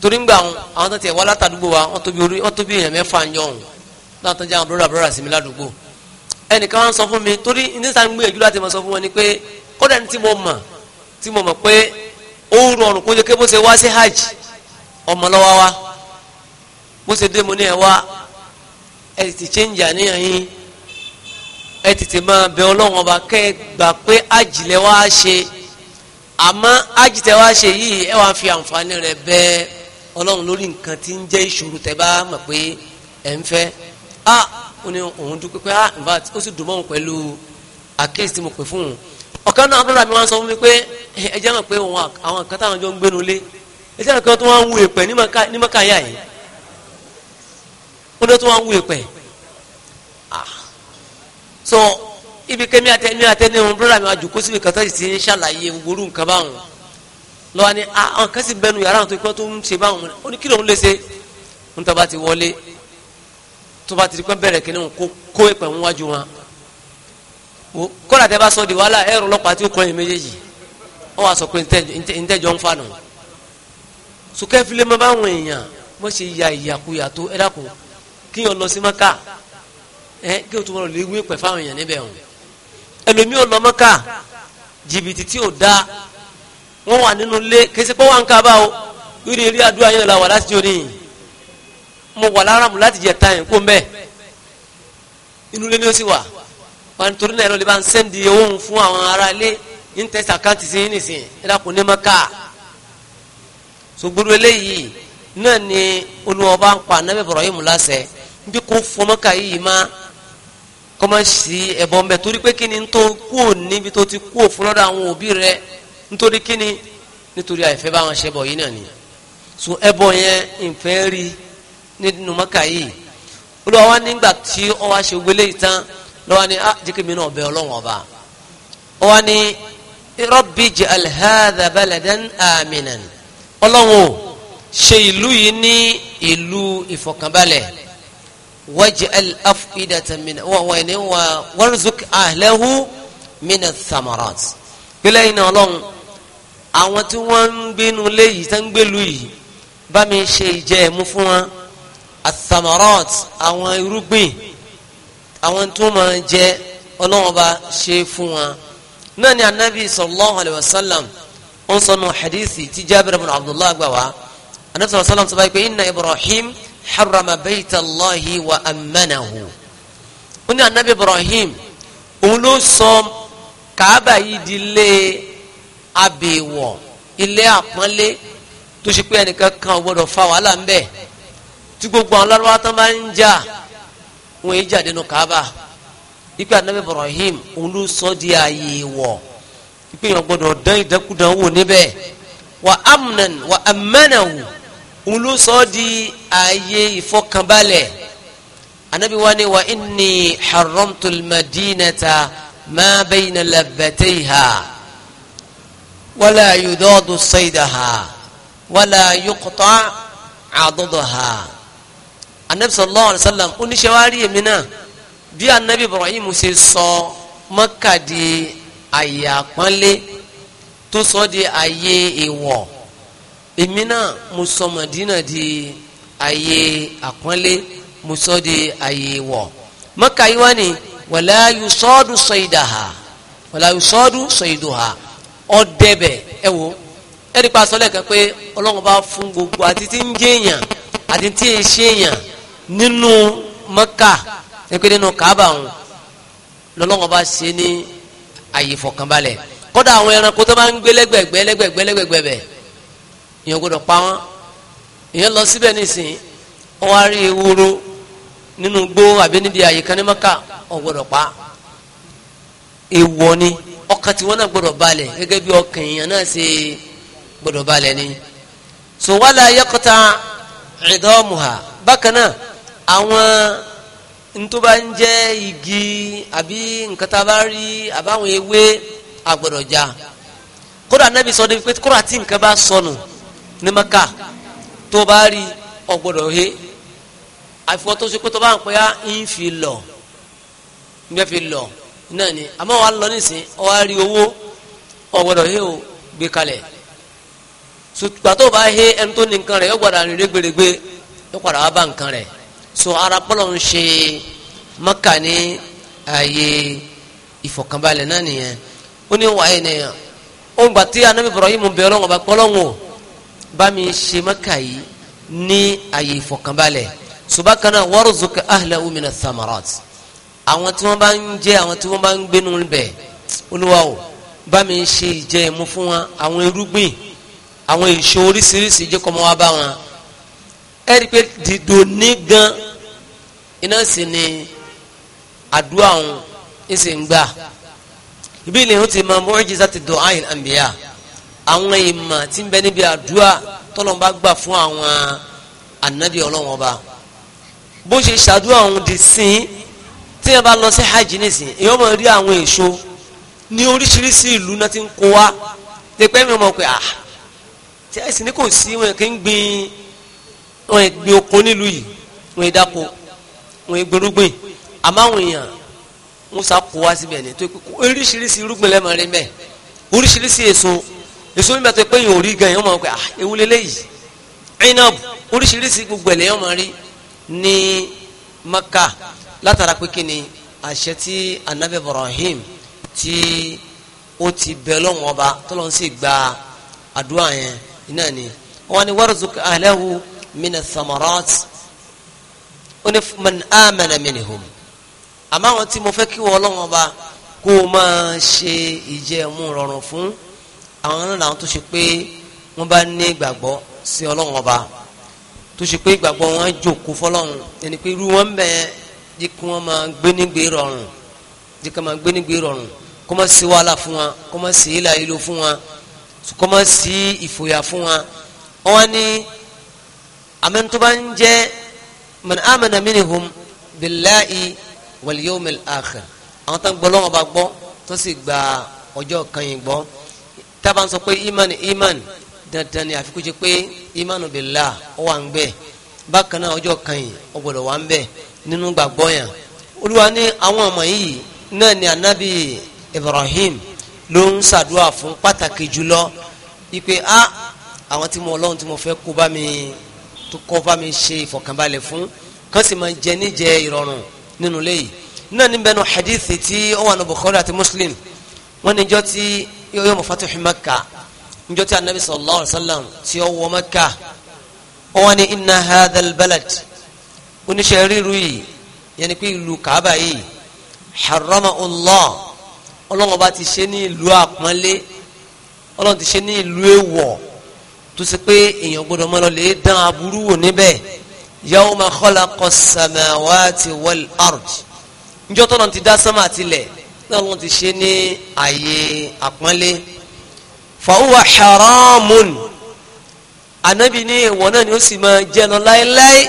torí ń gbà wọn àwọn tó tiẹ̀ wá látàdúgbò wa wọ́n tóbi orí wọ́n tóbi èèyàn mẹ́fà ń yọ ọ̀hún náà tó jẹ́ àwọn àbúrò àbúrò àsìmí ládùúgbò ẹnìkan wá ń sọ fún mi torí níta ń gbìyànjú láti mọ sọ fún wọn ni pé kódà ní tí mo mọ̀ tí mo mọ̀ pé ó rọrùn kó jẹ́ kébó ṣe wá sí hajj ọmọ lọ́wọ́ wa bó ṣe dé mo ní ẹ wá ẹ ti ṣe ń jà níyàn yín ẹ tètè máa bẹ ọlọ́run ọba kẹ́ ẹ gbà pé àjìlẹ̀ wá ṣe àmọ́ àjìtẹ̀ wá ṣe yìí ẹ wàá fi àǹfààní rẹ̀ bẹ ọlọ́run lórí nǹkan tí ń jẹ́ ìṣòro tẹ bá mọ̀ pé ẹ ń fẹ́ a ó ní òun dúpẹ́ pé a nfa ó sì dùn mọ́ òun pẹ̀lú àkéèsì tí mo pè fún òun ọ̀kan náà abúlé mi wá sọ fún mi pé ẹ jẹ́ mọ̀ pé àwọn kan táwọn jọ ń gbénu lé ẹsẹ̀ kan tó wọ́n ń wu èpẹ̀ ní mọ́káyà yìí wọ́n tó wọ́n ń wu èpẹ̀ so ibi kẹ́mi àtẹ́ni àtẹ́ni ohun brọ́dà mi àjòkó síbi kan tó ti ń ṣàlàyé gbogbo nǹkan báwọn lọ́wọ́ ni àwọn kan sì bẹnu yàrá àwọn tó kọ́ tó ń ṣe báwọn ó ní kí lòun lè ṣe ń tọ́ bá ti wọlé tó bá ti di pẹ́ bẹ̀rẹ̀ kí ni kó kó èpẹ̀ ń wájú wọn kódà tẹ́ bá sọ di wàhálà ẹ̀rọ ọlọ́pàá tí ó kọ́ yẹn méjèèjì ó wàá sọ pé ntẹ́jọ́ ń fa nù sùkẹ́ file máa bá àwọn èèyàn wọ́n ṣe ya ìyàkuyà tó ẹ dákun kí yàn lọ sí maka ẹ kí o tún wọn lè wí pẹ̀ fáwọn èèyàn níbẹ̀ wọn ẹlòmíì ò lọ maka jìbìtì tí ò da wọ́n wà nínú ilé kèsì pé wà ń kábà o rí rí àdúrà yẹn la wà láti jọ níyìn mo wà lára láti jẹ táyìn kó mbẹ inú ilé ni ó sì wà wà nítorí náà ẹ lọ lè bá ń sẹ́ndì owó fún àwọn ará ilé ń tẹ̀sí àkáǹtì sí yín nìsín ẹ dákun ní maka sùgbúrú eléyìí náà ni olùwọ́n bá ń pa Ànábì Ibrahim láṣẹ bí kò fọmọ́kà yìí má kọ́ má sí ẹ̀bọ mbẹ torí pé kí ni ń tó kú níbi tó ti kú òfin àwọn òbí rẹ nítorí kí ni nítorí àìfẹ́ bá wọn ṣẹbọ yìí náà ni so ẹbọ yẹn ìfẹ́ rí nínú mọ́kà yìí olùwọ́n nígbà tí ọ wá ṣe gbélé ìtàn lọ́wọ́ ni ah jíkì mi náà bẹ ọlọ́wọ́n ọba ọ wá ní rabbi j'al hadha baladan ọlọ́run o ṣe ìlú yìí ní ìlú ìfọ̀kànbalẹ̀ waj'al af'idatan min wọ́n ẹni wọ́n warzuq ahlahu min ath-thamarat gbélé iná ọlọ́run àwọn tí wọ́n ń gbénu léyìí tó ń gbélu yìí bá mi ṣe ìjẹ ẹ̀mú fún wọn ath àwọn irúgbìn àwọn tó máa jẹ ọlọ́run bá ṣe fún wọn náà ni anabi sallallahu alayhi wa sallam ń sọnù hadithi tí Jabir ibn Abdullah gbà wá anabi sallallahu alayhi wa sallam sọ báyìí pé inna Ibrahim harrama bayta Allahi wa amanahu ó ní anabi Ibrahim òun ló sọ kaaba yìí di ilé abèèwọ̀ ilé àpọ́nlé tó ṣe pé ẹnìkan kan ò fa wàhálà ńbẹ tí gbogbo àwọn lọ́wọ́ tán bá ń jà wọn èyí jáde nù kaaba ipe anabi Ibrahim òun ló sọ di ààyè wọ̀ pé yàn gbọ́dọ̀ dán ìdẹ́kùdán wò níbẹ̀ wà amnan wà amanahu òun ló sọ ọ́ di ààyè ìfọkànbalẹ̀ anabi wa ni wa inni haramtul madinata ma bayna labbatayha wala yudadu saydaha wala yuqta adadaha anabi sallallahu alayhi wa sallam oníṣẹ́ wa rí èmi náà bí anabi ibrahim ṣe sọ mọ́kàdí àyè àpọ́nlé tó sọ di àyè èèwọ̀ èmi náà mo sọ Mọ̀dínà di àyè àpọ́nlé mo sọ di àyè èèwọ̀ Mọ́kà yìí wá ní wala yusadu saydaha wala yusadu sayduha ọ̀dẹ́bẹ̀ ẹ wo ẹni pa sọ lẹ́ẹ̀kan pé Ọlọ́run bá fún gbogbo àti tí ń jẹ́ èèyàn àti tí ń ṣe èèyàn nínú Mọ́kà ẹ pé nínú Kaaba lọ́lọ́run bá ṣe ní àyè fọkànbalẹ̀ kódà àwọn ẹranko tó bá ń gbélẹ́gbẹ̀ gbẹ́lẹ́gbẹ̀ ìyẹn pa ìyẹn lọ nísìnyí wá rí ewúro nínú gbó àbí kan ní balẹ̀ bí ọkàn èèyàn náà ṣe wala bákan náà àwọn Ntụbanje igi abi nǹkan tá a bá rí àbáwọn kódà sọ de pé kódà tí bá sọnù maka tó bá rí ọ̀gbọ̀dọ̀ he àfihàn tó ṣe pé tó bá ń pẹ́ lọ ń lọ náà ni àmọ́ wàá lọ nísìn ọ wá rí owó o gbé kalẹ̀ sùgbà tó bá he ẹni tó ní rẹ̀ so ara pọ́lọ̀ ń ṣe maka ní ààyè ìfọ̀kànbalẹ̀ náà nìyẹn ó ní wàá ènìyàn ó ń gbà tí anabi Ibrahim bẹ ọlọ́wọ́n bá pọ́lọ́wọ́n bá mi ṣe maka yìí ní ààyè ìfọ̀kànbalẹ̀ ṣùgbọ́n kan náà warzuq ahlahu mina thamarat àwọn tí wọ́n bá ń jẹ́ àwọn tí wọ́n bá ń gbénu bẹ̀ olúwa o bá mi ṣe ìjẹ́ ìmú fún wọn àwọn irúgbìn àwọn èso oríṣiríṣi jẹ́ kọ́mọ́ wá bá wọn ẹ̀rí pé dìdò ní gan iná sì ni àdúrà òun ń ń gbà ibi ni ó ti máa mu'jizati du'a'i al-anbiya àwọn ìmọ̀ tí ń bẹ níbi àdúrà tọ́lọ́n bá gbà fún àwọn ànábì ọlọ́wọ́n ọba bó ṣe ṣàdúrà òun di sin tí wọ́n bá lọ sí hajj nísìn èèyàn máa rí àwọn èso ní oríṣiríṣi ìlú náà ti ń kó wa tẹpẹ́ mi mọ̀ pé ah tí a sì kò sí wọn kì í gbin wọ́n gbin oko nílùú yìí wọ́n dáko wọ́n gbẹrúgbìn àmọ́ àwọn èèyàn wọ́n sá kó wá síbẹ̀ ní tó oríṣiríṣi irúgbìn lẹ́mọ̀ rí mẹ́ oríṣiríṣi èso èso mímọ́ tó pé yìí ò rí gan yìí wọ́n mọ̀ pé ah ewu lélẹ́yìí inab oríṣiríṣi gbogbo ẹ̀ lẹ́yìn ọmọ rí ní Maka látara pé kí ni àṣẹ tí anabi Ibrahim tí ó ti bẹ lọ́wọ́n ọba tọ́lọ́n sì gba àdúrà yẹn iná ni wọ́n ní warzuq ahlahu. من athamarat ونف من آمن منهم. أما àmọ́ àwọn tí mo fẹ́ kí wọ́n ọlọ́wọ́n bá أنا لا máa مباني ìjẹ̀mú rọrùn أبا. àwọn náà làwọn tó ṣe pé wọ́n bá ní ìgbàgbọ́ sí ọlọ́wọ́n ọba tó ṣe pé ìgbàgbọ́ wọn jókòó fọlọ́run ẹni pé irú wọn bẹ̀ẹ́ jẹ́ kí wọ́n máa gbé fún wa kó má sí fún wa kó má sí fún wa wọ́n ní àmọ́ tó bá ń jẹ́ man amana minhum billahi wal yawmil akhir àwọn tó ń gbọ́ lọ́wọ́ bá gbọ́ tó sì gba ọjọ́ kan yìí gbọ́ tábà ń sọ pé imani imani dandan ni àfikún jẹ pé imanu billah ó wà ń bẹ bákan náà ọjọ́ kan yìí ó gbọ́dọ̀ wà ń bẹ nínú gbàgbọ́ yẹn olúwa ní àwọn ọmọ yìí ni anabi Ibrahim ló ń ṣàdúrà fún pàtàkì jùlọ ipe a àwọn tí mo Ọlọ́run tí mo fẹ́ kó bá mi tó kọ́ bá mi ṣe ìfọ̀kànbalẹ̀ fún kán sì máa jẹ níjẹ ìrọ̀rùn nínú léyìí náà níbẹ̀ nu hadithi tí ó wà ní Bukhari àti Muslim wọ́n ní ijọ́ tí yóò mọ̀ fatihu Makka ijọ́ tí anabi sallallahu alayhi wa sallam tí ó wọ Makka ó wà ní inna hadhal balad oníṣẹ́ ríru yìí yẹn pé ìlú Kaaba yìí harama Allah ọlọ́wọ́ bá ti ṣe ní ìlú àpọ́nlé ọlọ́wọ́ ti ṣe ní ìlú èèwọ̀ tó ṣe pé èèyàn gbọ́dọ̀ mọ́ lọ lè dán aburú wò níbẹ̀ yawma khalaqa samawati wal ard njọ́ tọ́nà ti dá sánmà tilẹ̀ náà wọ́n ti ṣe ní àyè àpọ́nlé fa huwa haramun anabi ní ìwọ náà ni ó sì máa jẹ́ lọ láéláé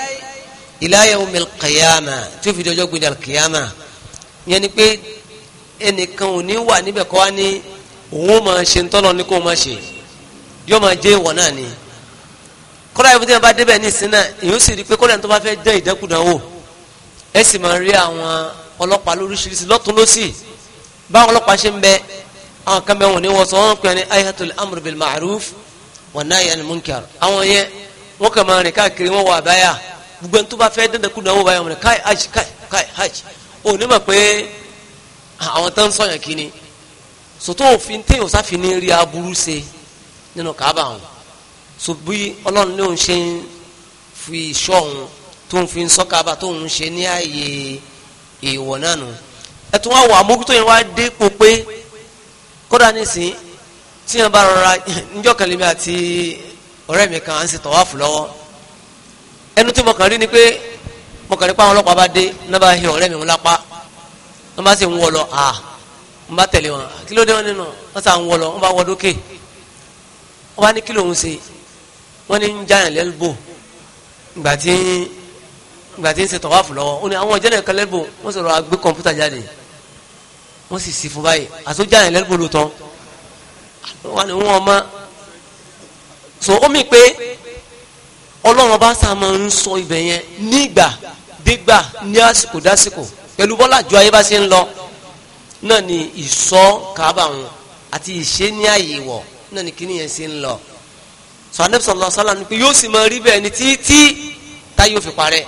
ila yawmil qiyama tí ó fi dọjọ́ gbé dàl qiyama yẹn ni pé ẹnìkan ò ní wà níbẹ̀ kọ́ wá ní òun máa ṣe ń tọ́lọ ní kó máa ṣe yóò máa jẹ́ ìwọ náà ni kọ́lá ibi tí wọ́n bá débẹ̀ ní ìsìn náà èyí ó sì rí i pé kọ́lá tó bá fẹ́ dẹ́ ìdẹ́kùdà wò ẹ sì máa rí àwọn ọlọ́pàá lóríṣiríṣi lọ́tún lọ́sì báwọn ọlọ́pàá ṣe ń bẹ àwọn kan bẹ wọn ní wọ́n sọ wọ́n pè ní ayatul amr bil ma'ruf wa nahy anil munkar àwọn yẹn wọ́n kàn máa rìn káàkiri wọ́n wà báyà gbogbo ẹni tó bá fẹ́ dẹ́dẹ́kùdà báyà wọn káì káì ni sòtó òfin téèyàn sáfin nínú kaaba hàn so bí ọlọ́run ló ń ṣe ń fi iṣọ́ òun tó ń fi ń sọ́ kaaba tó ń ṣe ní ààyè èèwọ̀ náà nù ẹ tún wá wọ àmójútó yẹn wá dépò pé kódà nísìn tí yẹn bá rọra níjọ́ kan lèmi àti ọ̀rẹ́ mi kan à ń ṣe tọ̀wáfù lọ́wọ́ ẹnu tí mo rí ni pé mo rí pé àwọn ọlọ́pàá bá dé náà bá hin ọ̀rẹ́ mi ń lápá náà bá sì ń wọ lọ à ń bá tẹ̀lé wọn kí ló dé wọn nínú wọn sà ń wọ lọ wọn bá wọ dókè wọ́n á ní kí lòun ṣe wọ́n ní ń jáyàn lẹ́lbò gbàtí gbàtí ń ṣe tọ̀wáfù lọ́wọ́ ó ní àwọn ìjẹ́nà kan lẹ́lbò wọ́n sọ̀rọ̀ àgbé kọ̀ǹpútà jáde wọ́n sì sí fún báyìí àtó jáyàn lẹ́lbò ló tán wọ́n ní wọ́n ọmọ so ó mì pé ọlọ́run bá sá máa ń sọ ibẹ̀ yẹn nígbà dígbà ní àsìkò dásìkò pẹ̀lú bọ́lá ju ayé bá ṣe ń lọ náà ni ìsọ kàábà àti ìṣe ní àyè wọ̀ náà ní kíní yẹn ṣe ń lọ sọ anabi sọlọ sọlá ni pé yóò sì máa rí bẹ́ẹ̀ ni títí tá yóò fi parẹ́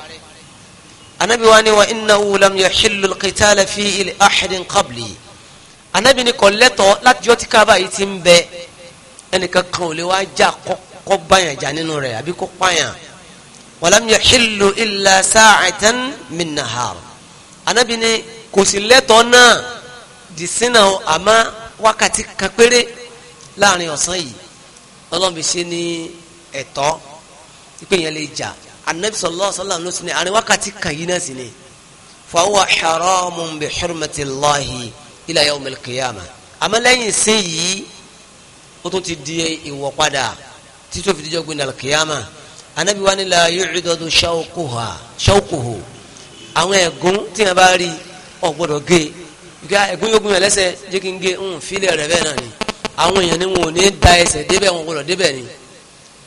anabi wa ni wa innahu lam yahillu al-qitala fi ilé ahadin qabli anabi ni kò lẹ́tọ̀ọ́ láti yọ ti káàbà yìí ti ń bẹ ẹnìkan kan ò lè wá jà kọ́ báyàn jà nínú rẹ̀ àbí kó pààyàn wa lam yahillu illa sa'atan min nahar anabi ni kò sì lẹ́tọ̀ọ́ náà dìsínà àmọ́ wákàtí kan péré láàrin ọ̀sán yìí ọlọ́run fi ṣe ní ẹ̀tọ́ pé yẹn lè jà anabi sallallahu alaihi wasallam ló sì ní àárín wákàtí kan yìí náà sì ní fa huwa haramun bi hurmatillahi ila yawmil qiyamah àmọ́ lẹ́yìn sí yìí ó tún ti di ìwọ̀ padà títí ó fi dijọ́ gbin alkiyama anabi wa ni la yu'dadu àwọn ẹ̀gún tí wọ́n bá rí ò gé ẹ̀gún yóò gún yẹn jẹ́ kí n gé ń rẹ̀ bẹ́ẹ̀ náà ni àwọn èèyàn ni wọn ò ní da ẹsẹ̀ débẹ̀ wọn gbọdọ̀ débẹ̀ ni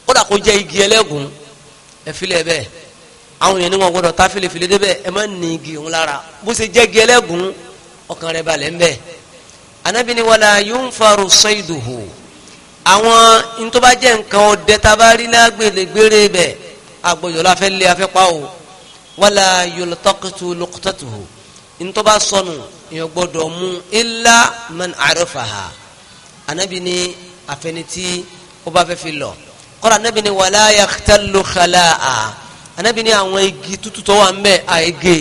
kódà kó jẹ́ igi ẹlẹ́gùn ẹ̀fílẹ̀ bẹ́ẹ̀ àwọn èèyàn ni wọn gbọdọ̀ ta filifili débẹ̀ ẹ má ní igi òun lára bó ṣe jẹ́ igi ẹlẹ́gùn ọkàn rẹ̀ balẹ̀ ń bẹ̀ anabi ni wàlá yunfaru sayduhu àwọn ntọ́ba nǹkan ọdẹ tabari lágbèlégbèrè bẹ̀ agbọ̀yọ̀lá fẹ́ lé afẹ́ pa o wàlá yultaqatu luqtatuhu ntọ́ba sọnù èèyàn mú illa man arafaha anabi ni àfẹnití ó bá fẹ́ fi lọ kọ́ra anabi ni wàlá yàtàlù khalaa anabi ni àwọn igi tútù tó wà ń bẹ àìgé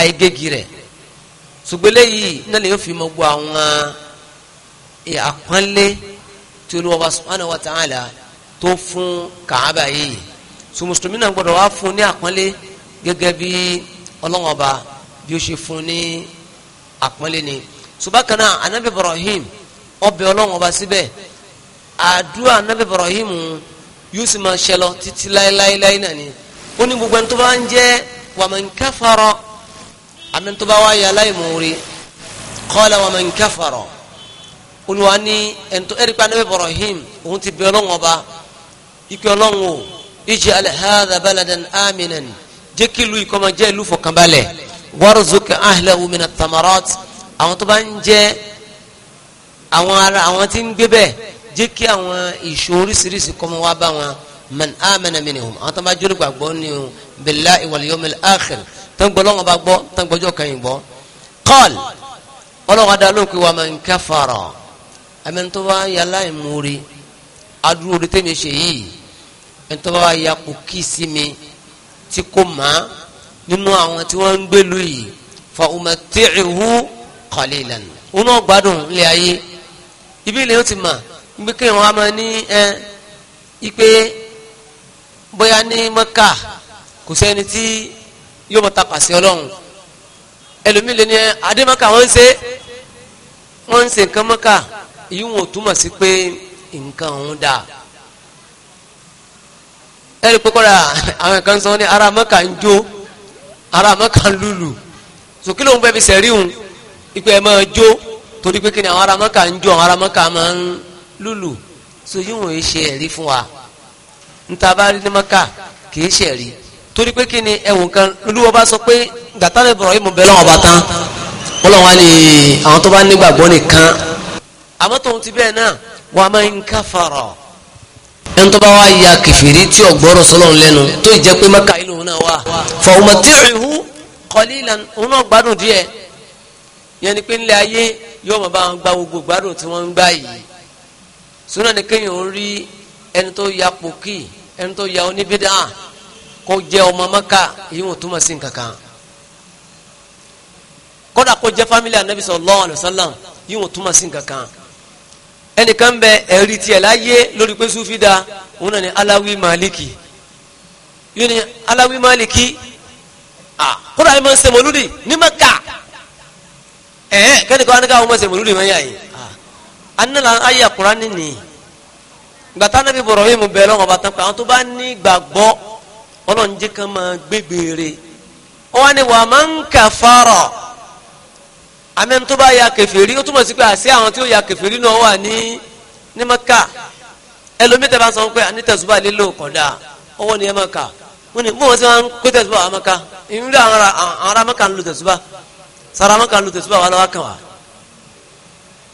àìgégi rẹ̀ ṣùgbọ́n léyìí náà lè fi mọ gbọ́ àwọn àpọ́nlé tí olúwa subhanahu wa ta'ala tó fún kàába yìí so mùsùlùmí náà gbọ́dọ̀ wá fún ní àpọ́nlé gẹ́gẹ́ bí ọlọ́wọ́n ọba bí ó ṣe fún ní ni so anabi ibrahim ọbẹ̀ ọlọ́run ọba síbẹ̀ àdúrà nàbẹ̀ Ibrahim yóò sì máa láéláéláé náà ó ní gbogbo ẹni tó bá ń jẹ́ waman àmì tó bá wá yà láìmọ̀ọ́rẹ́ qala waman kafara olùwà ní ẹ̀ńtọ́ ẹ̀rípa nàbẹ̀ Ibrahim òun ti bẹ ọlọ́run ọba ìpè ọlọ́run o ij'al hadha baladan aminan jẹ́ kí ìlú kó máa jẹ́ ìlú fọkànbalẹ̀ àwọn tó bá ń jẹ́ àwọn ará àwọn tí ń gbé bẹ́ẹ̀ jẹ́ kí àwọn ìṣó oríṣiríṣi kọ́mọ wá bá wọn man amana minhum àwọn tó bá jórí gbàgbọ́ ní o billahi wal yawmil akhir tó ń gbọ́ lọ́wọ́ bá gbọ́ tó ń gbọ́jọ́ kan yìí gbọ́ ọlọ́wọ́ adá ló pé wa man kafara ẹ̀mí tó bá yàrá ìmúri adúró orí tèmi ṣe yìí ẹ̀mí tó bá yà kó kí sí mi tí kò má nínú àwọn tí wọ́n ń gbé lu fa umati'uhu qalilan òun náà gbádùn ayé ibi ilẹ̀ yóò ti mà ibi kí wọn máa ní ẹ ipe bóyá ní mọ́kà kò sẹ́ni tí yóò mọ̀ tapà sí ọlọ́run ẹlòmíì lè ní ẹ adé mọ́kà wọ́n ń ṣe wọ́n ń ṣe nǹkan mọ́kà èyí wọn ò túmọ̀ sí pé nǹkan ọ̀hún dà ẹ̀rí pé àwọn kan sọ ní ara mọ́kà ń jó ara mọ́kà ń lùlù sòkè bẹ́ẹ̀ fi sẹ̀rí hùn ipe ẹ̀ máa jó. torí pé kí ni àwọn ará ma ń jó àwọn ará mọ́kà máa ń lùlù so yín wòye ṣe ẹ̀rí fún wa níta bá rí ní mọ́kà kì ṣe ẹ̀rí torí pé kí ni kan olúwa bá sọ pé gàtàlẹ̀ Ibrahim bẹ̀ lọ́wọ́ bá tán bọ́lọ̀ wá ti bẹ́ẹ̀ náà wà á máa ń káfàrà ẹni tó bá wá ya kẹfìrí tí ọgbọ́rọ̀ sọlọ́run lẹ́nu tó ì jẹ́ pé mọ́kà ìlú náà wà kọ́lí ìlànà òun náà gbádùn yẹn ni pé ńlẹ̀ ayé yóò máa bá wọn gba gbogbo gbádùn tí wọ́n ń gbà yìí súnà ni kéèyàn ń rí ẹni tó ya pòkì ẹni tó ya oníbídà kó jẹ́ ọmọ mọ́kà èyí wọn túmọ̀ sí nǹkan kódà kó jẹ́ fámílì anabi sallallahu alaihi wasallam yìí wọn túmọ̀ sí nǹkan kan ẹnìkan bẹ ẹ̀rí tiẹ̀ láyé lórí pé sufi da òun náà ni alawi maliki yìí ni alawi maliki kódà yìí máa ń ṣe mọ́lúdì ní mọ́kà ẹ̀ẹ́ eh, kẹ́nìkan wá ní káwọn mọ̀sẹ̀ mọ̀lúdì mọ́ yàn yìí anílà ah, ayé àkùránì nìyí gbàtà nàbí Ibrahim bẹ̀ lọ́wọ́ bá tán pé àwọn tó bá ní gbàgbọ́ ọlọ́run jẹ́ kán máa gbégbére wọ́n ní wà máa ń kàfàrọ̀ amẹ́ni tó bá ya kẹfẹ́rí ó túmọ̀ sí pé àṣẹ àwọn tí ó ya kẹfẹ́rí náà wà ní ní maka ẹlòmíì tẹ́ bá sọ pé àní tẹ̀sùbà lílo kọ̀dà ọwọ́ ni ẹ máa kà wọ́n ní bóun ṣe máa ń kó tẹ̀sùbà àwọn maka ìrírí àwọn ará maka ń lo tẹ̀sùbà sara wọn kan lu tẹsíbà wà lọ́wọ́ kan wa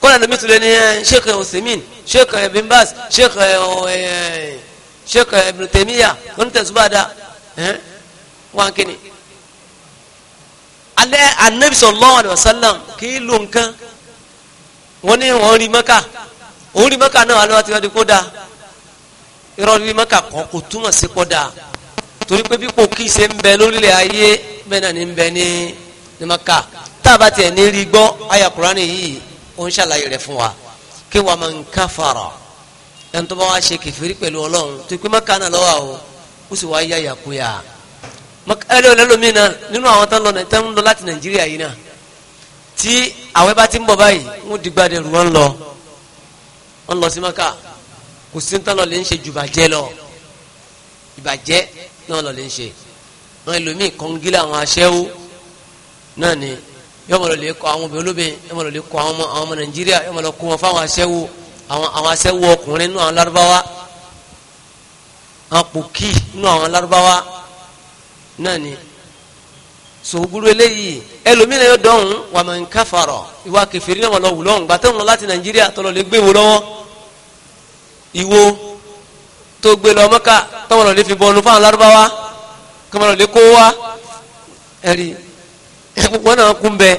kọ́lá lómi tún lé ní sheikh osemin sheikh ibn bas sheikh sheikh ibn temiya wọn da wọn kini alẹ́ anabi sallallahu alayhi wa sallam kì í lu nǹkan wọn ní wọn rí mẹ́ka òun rí mẹ́ka náà alẹ́ wa ti wá di kó da irọ́ rí mẹ́ka kọ́ kò túmọ̀ sí kó da torí pé bí kò kí ṣe ń bẹ lórílẹ̀ ayé bẹ́ẹ̀ náà ní ń bẹ ní ní tá a bá tiẹ̀ ní rí gbọ́ àyà kúránì yìí ó ń ṣàlàyé rẹ̀ fún wa kí wàá máa ń ká fara ẹni tó bá wá ṣe kẹfìrí pẹ̀lú ọlọ́run tó pé mọ́kà náà lọ́wọ́ o ó sì wá yá yàkúyà ẹni ò lẹ́lòmíì náà nínú àwọn tó ń lọ láti nàìjíríà yìí náà tí àwẹ̀ bá ti ń bọ̀ báyìí wọ́n ti gbàdé rù wọ́n lọ wọ́n lọ sí mọ́kà kò sí tán lọ lè ń ṣe ju ìbàjẹ́ lọ ìbàjẹ́ náà lọ lè ń ṣe wọn ẹlòmíì kọ́ngílẹ̀ àwọn aṣẹ́wó náà ni yóò mọ̀ lọ lè kọ àwọn obìnrin olóbìn yóò mọ̀ lọ lè kọ àwọn ọmọ àwọn ọmọ nàìjíríà yóò mọ̀ lọ kó wọn fáwọn aṣẹ́wó àwọn àwọn aṣẹ́wó ọkùnrin nínú àwọn lárúbáwá àwọn pòkì nínú àwọn lárúbáwá náà ni sòwúrú eléyìí ẹlòmíràn yóò dọ̀hún wà mà ìwà kẹfìrí náà lọ wù lọ́hùn láti nàìjíríà tọ́lọ lè gbé wo lọ́wọ́ ìwo tó gbé lọ mọ́kà tọ́wọ́n lọ lè fi bọ́ọ̀lù fáwọn lárúbáwá kọ́mọ́lọ́ lè kó wá ẹ̀rí wọn náà kún bẹ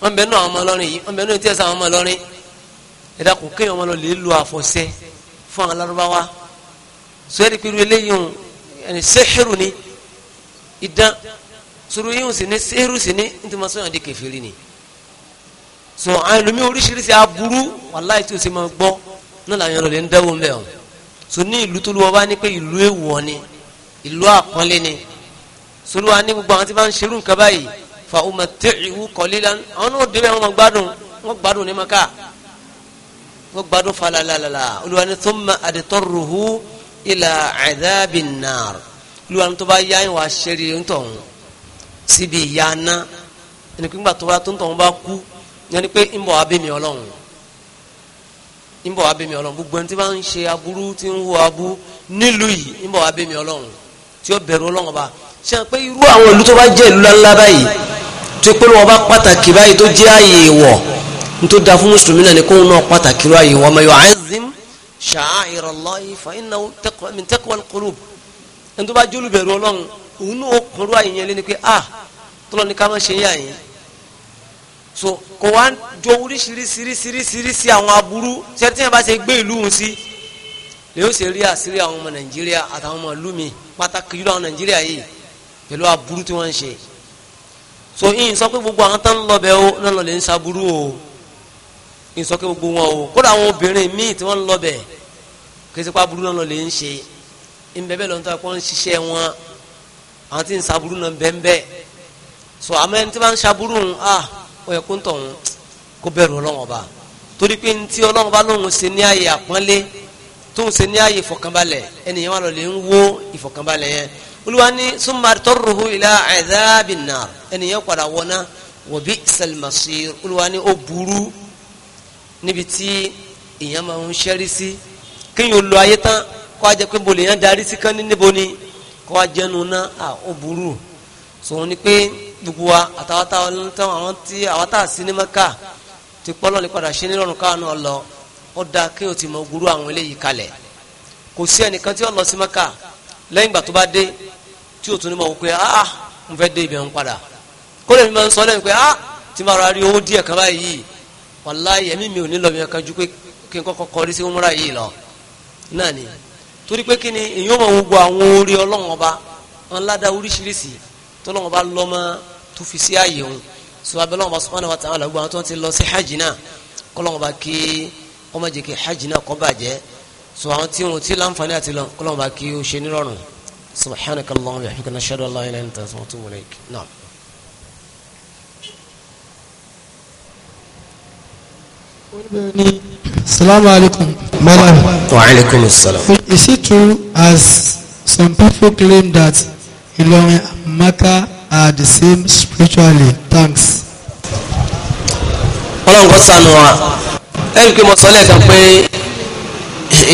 wọn bẹ náà ọmọ lọrin yìí wọn bẹ náà tẹsán ọmọ lọrin ẹ̀dá kò kéèyàn wọn lọ lè lo àfọ̀ṣẹ fún àwọn alárúbáwá sọ́yẹ́dì pẹ̀lú eléyìí hùn ẹni sẹ́hìrù ni idán sọ̀rọ̀ yìí hùn sí ni sẹ́hìrù sí ni nítorí wọn sọ̀yàn di kẹfìrí ni sọ àwọn ẹlòmí oríṣiríṣi aburú wàláì tí o sì máa gbọ́ náà làwọn ẹlòmí ń dẹ́wọ́ mbẹ́ o sọ ní ìlú tó lọ́wọ́ bá ní pé ìlú èèwọ̀ ni ìlú àpọ́nlé ni sọlúwa ní gbogbo àwọn tí wọ́n ń ṣerú nǹkan báyìí fa umatti'uhu qalilan àwọn náà débẹ̀ wọn gbádùn wọn gbádùn ní maka wọn gbádùn falalalala olúwa ní thumma adtarruhu ila adhabin nar olúwa ní tó bá yá ìwà ṣeré ńtọ̀hún síbi ìyá ẹni pé ńgbà tó bá tó ńtọ̀hún bá kú yẹn pé ńbọ̀ abẹ́mi ọlọ́run ńbọ̀ abẹ́mi ọlọ́run gbogbo ẹni tí wọ́n ń ṣe aburú tí ń hu abú nílùú yìí ńbọ̀ abẹ́mi ọlọ́run tí ó bẹ̀rù ọlọ́run ọba ṣe pé irú àwọn ìlú tó bá jẹ́ ìlú ńláńlá báyìí tó pé wọn bá pàtàkì báyìí tó jẹ́ ààyè ìwọ̀ nítorí da fún mùsùlùmí náà ni kóun náà pàtàkì irú ààyè ìwọ̀ ọmọ yóò azim sha'airallahi fa innahu min taqwal qulub ẹni tó bá jólù bẹ̀rù ọlọ́run òun náà kúrú ààyè yẹn lé pé ah tọ́lọ́ ni ká má ṣe yá yẹn so kò wá jọ oríṣiríṣiríṣiríṣi àwọn aburú ṣẹ́tí yẹn bá ṣe gbé ìlú òun sí lè ó ṣe rí àṣírí àwọn ọmọ nàìjíríà àtàwọn ọmọ ìlú mi pẹ̀lú aburú tí wọ́n ń ṣe so ìyìn sọ pé gbogbo àwọn tó ń lọ bẹ ó náà lọlẹ̀ ń saburú o ìyìn sọ pé gbogbo wọn o kódà àwọn obìnrin míì tí wọ́n ń lọ bẹ kìsìpá aburú náà lọlẹ̀ ń ṣe ìbẹ̀bẹ̀ lọ́n tó kọ́ ń ṣiṣẹ́ wọn àwọn tí ń saburú náà bẹ́ẹ̀ so àmọ́ ẹni tí wọ́n ń saburú ń ah ó yẹ kó ń tọ̀hún kó bẹ̀rù Ọlọ́run ba torí pé ntí Ọlọ́run Ọba lóun ṣe ní àyè àpọ́nlé tóun ṣe ní àyè olúwa ní súnmọ́tòròhù ilá ẹ̀dábìnà ẹnìyẹn padà wọná wọ̀bí sẹlmàṣír olúwa ní ó burú níbi tí èèyàn máa ń ṣẹ́rí sí kéèyàn lo ayé tán kó a jẹ́ pé bolè yẹn darí sí kán ní níbo ni kó a jẹnu ná à ó burú sòun ni pé gbogbo wa àtàwátà ọlọ́ntàn àwọn tí àwátà sinimaka ti pọ́lọ́ ní padà ṣe nírọ̀rùn káwọn lọ ó dáa kí o ti mọ gúrú àwọn eléyìí kalẹ̀ kò sí ẹnìkan tí ó lọ sí maka lẹ́yìn ìgbà dé tí o tún ní ma wò pé ah n fẹ́ dé ibi ń padà kó lè mi máa ń sọ lẹ́yìn pé ah tí ma ra rí owó díẹ̀ kan báyìí wàláyé ẹ̀mí mi ò ní lọ́mọ ẹ̀ka ju pé kí n kọ́kọ́ kọrí sí múra yìí lọ náà ni torí pé kí ni èyí ó máa wo gbogbo àwọn orí ọlọ́run ọba wọn ládàá oríṣiríṣi tọ́lọ́run ọba lọ́mọ tó fi sí ààyè òun sọ abẹ́lẹ́ ọba subhanahu wa ta'ala gbogbo àwọn tó ti lọ sí hajj náà kọ́lọ́run ọba kí ọmọ jẹ́ kí hajj náà kó bàjẹ́ sọ àwọn tí wọn ti láǹfààní àti lọ kọ́lọ́run ọba kí ó ṣe nírọ̀rùn. سبحانك اللهم وبحمدك نشهد ان لا اله الا انت نستغفرك اليك نعم Assalamu alaikum. Madam. Wa alaikum Is it true as some people claim that Ilorin and Mecca are the same spiritually? Thanks. Ọlọ́run kọ́ sànù wa. Ẹ̀rí pé mo sọ lẹ́ẹ̀kan pé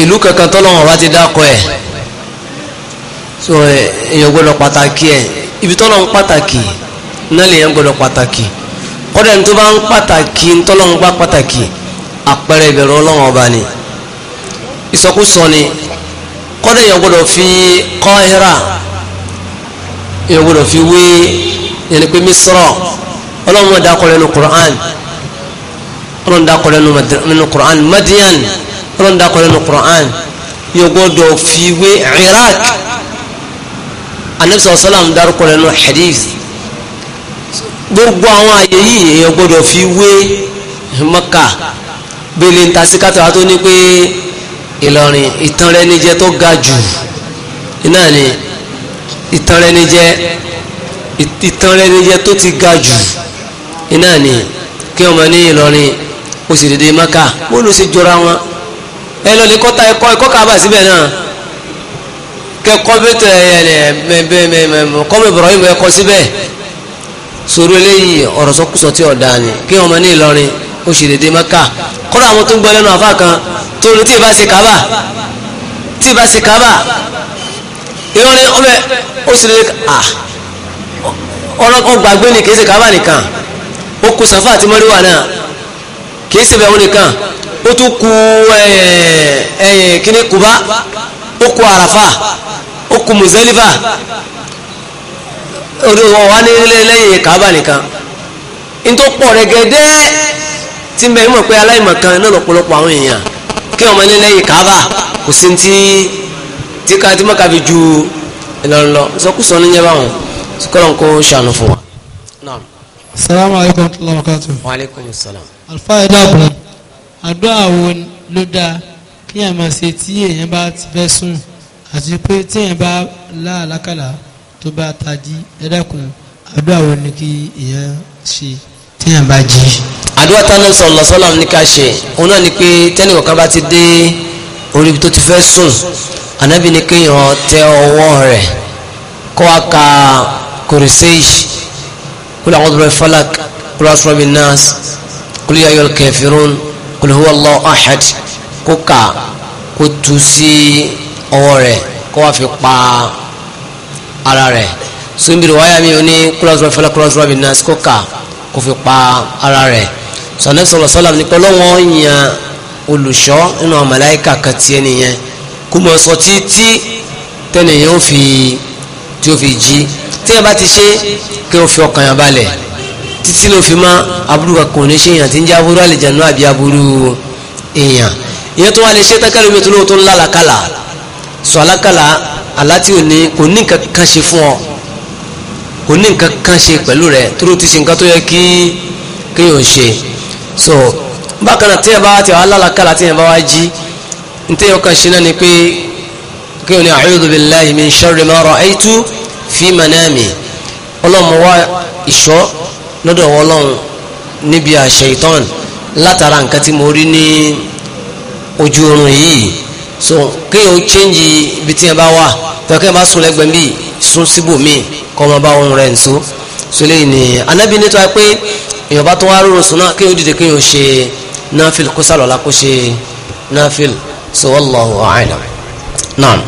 ìlú kankan tọ́lọ́run ọba ti dákọ̀ ẹ̀ so eh, èèyàn gbọ́dọ̀ pàtàkì ẹ̀ ibi tọ́lọ̀ ń pàtàkì náà lèèyàn gbọ́dọ̀ pàtàkì kọ́dà ní tó bá ń pàtàkì ń tọ́lọ̀ ń gbá pàtàkì àpẹẹrẹ ìbẹ̀rù ọlọ́run ọba ni ìsọkúsọ ni kọ́dà èèyàn gbọ́dọ̀ fi Qahira èèyàn gbọ́dọ̀ fi wé yẹn pé Misra ọlọ́run dákọ̀ lẹ́nu Qur'an ọlọ́run dákọ̀ lẹ́nu Qur'an Madian ọlọ́run dákọ̀ lẹ́nu Qur'an èèyàn gbọ́dọ̀ fi wé Iraq anabi sọ̀rọ̀ sọ́lá ń darúkọ rẹ̀ nù hadith gbogbo àwọn àyè yìí èèyàn gbọ́dọ̀ fi wé mọ́kà bẹ́lẹ̀ ń ta sí kátàwá tó ní pé ìlọrin ìtàn rẹ̀ níjẹ́ tó ga jù náà ni ìtàn rẹ̀ níjẹ́ ìtàn rẹ̀ níjẹ́ tó ti ga jù náà ni kí ọmọ ní ìlọrin ó sì dédé mọ́kà bó ló ṣe jọra wọn ẹ lọ lè kọ́ta ẹ̀kọ́ ẹ̀kọ́ kaba síbẹ̀ náà kẹ kọ́mpútà kọ́mpútà Ibrahim ẹ kọ́ síbẹ̀ sórí eléyìí ọ̀rọ̀ sọkúsọ tí ọ̀dà ni kí ọmọ ní Ìlọrin ó ṣe dédé Mẹ́kà kọ́ra àwọn tó ń gbọ́ lẹ́nu àfa kan tó ní tí ì bá ṣe Kábà tí ì bá ṣe Kábà Ìlọrin ọbẹ̀ ó sì lè ọlọ́kọ̀ ni kì í ṣe nìkan ó kú Safa àti Marwa náà kì í ṣe bẹ̀rù nìkan ó tún ku ẹ̀yìn kíní Kùbá ó ku Àràfà kú mùsẹ́lífà wà ní lẹ́yìn kàábà nìkan ní tó pọ̀ rẹ̀gẹ̀dẹ́ tí ń bẹ mọ̀ pé aláìmọ̀ kan náà lọ́pọ̀lọpọ̀ àwọn èèyàn kí ọmọ ní lẹ́yìn kàábà kò sí ti tí ká tí mọ̀ká fi ju Ìlọrin lọ sọkúsọ ní yẹn báwọn kọ́lọ̀ ń kó ṣàánú fún wa. salamu alaykum wa rahmatulahi wa alaykum salam. alfa ẹ̀dá ọkùnrin àdúrà wo ló dáa kí èèyàn máa ṣe tí èèyàn bá ti fẹ́ sùn àti pé téèyàn bá láàlákàlà tó bá tají ẹ dákun àdúrà wo ni kí èèyàn ṣe téèyàn bá jí. àdúrà táwọn náà sọ̀rọ̀ lọ́sọ́lá ní ká ṣe òun náà ni pé tẹ́nì kọ̀ọ̀kan bá ti dé orí tó ti fẹ́ sùn ànábì ni kéèyàn tẹ ọwọ́ rẹ̀ kó wá ka kòrìsẹ́yì kúlẹ̀ àwọn ọ̀dọ́rọ̀ falak kúlẹ̀ asọ́rọ̀bì nas kúlẹ̀ ayọ̀ kẹfìrún kúlẹ̀ huwa allah ahad kó kà kó tu sí i ọwọ́ rẹ̀ kó wá fi pa ara rẹ̀ sunbiri wáyà mi ní kúlọ̀sọ̀ fẹlẹ̀ kúlọ̀sọ̀ bí nurse kó kà kó fi pa ara rẹ̀ sọ̀nẹ́ sọ̀rọ̀ sọ́lá ní pẹ́ lọ́wọ́ yan olùṣọ́ nínú àwọn kan tiẹ̀ nìyẹn kó títí tẹ́nìyàn ó fi tí ó fi jí tí yẹn bá ti ṣe kí o fi ọkàn yàn balẹ̀ títí ló fi má aburú kan kò ní ṣe èèyàn tí ń jẹ́ aburú àlejò náà àbí aburú èèyàn ìyẹn tó wà lè ṣe tẹ́kẹ́lómi tó lóòótọ́ ńlá làkàlà sọ alákàlà aláti òní kò ní nǹkan kan ṣe fún ọ kò ní nǹkan kan ṣe pẹ̀lú rẹ tóró ti ṣe nǹkan tó yẹ kí kéèyàn ṣe so bákan náà téèyàn bá wá tẹ alákàlà téèyàn bá wá jí téèyàn kan ṣe náà ni pé kéèyàn ní a'udhu billahi min sharri ma ra'aytu fi manami ọlọ́mọ wá ìṣọ́ lọ́dọ̀ ọlọ́run níbi àṣẹ ìtọ́n látara nǹkan tí mo rí ní ojú oorun yìí so kéèyàn o change ibi tí yẹn bá wà tó kéèyàn bá sùn lẹ́gbẹ̀ẹ́ bíi sùn síbò míì kọ́ ọmọ bá ohun rẹ̀ nìṣó so lẹ́yìn ni anábì ní tó wá pé èèyàn bá tó wá rọrùn sùn náà kéèyàn ó dìde kéèyàn ó ṣe náfìl kó sálọ̀ la kó ṣe náfìl so wallahu a'lam naam.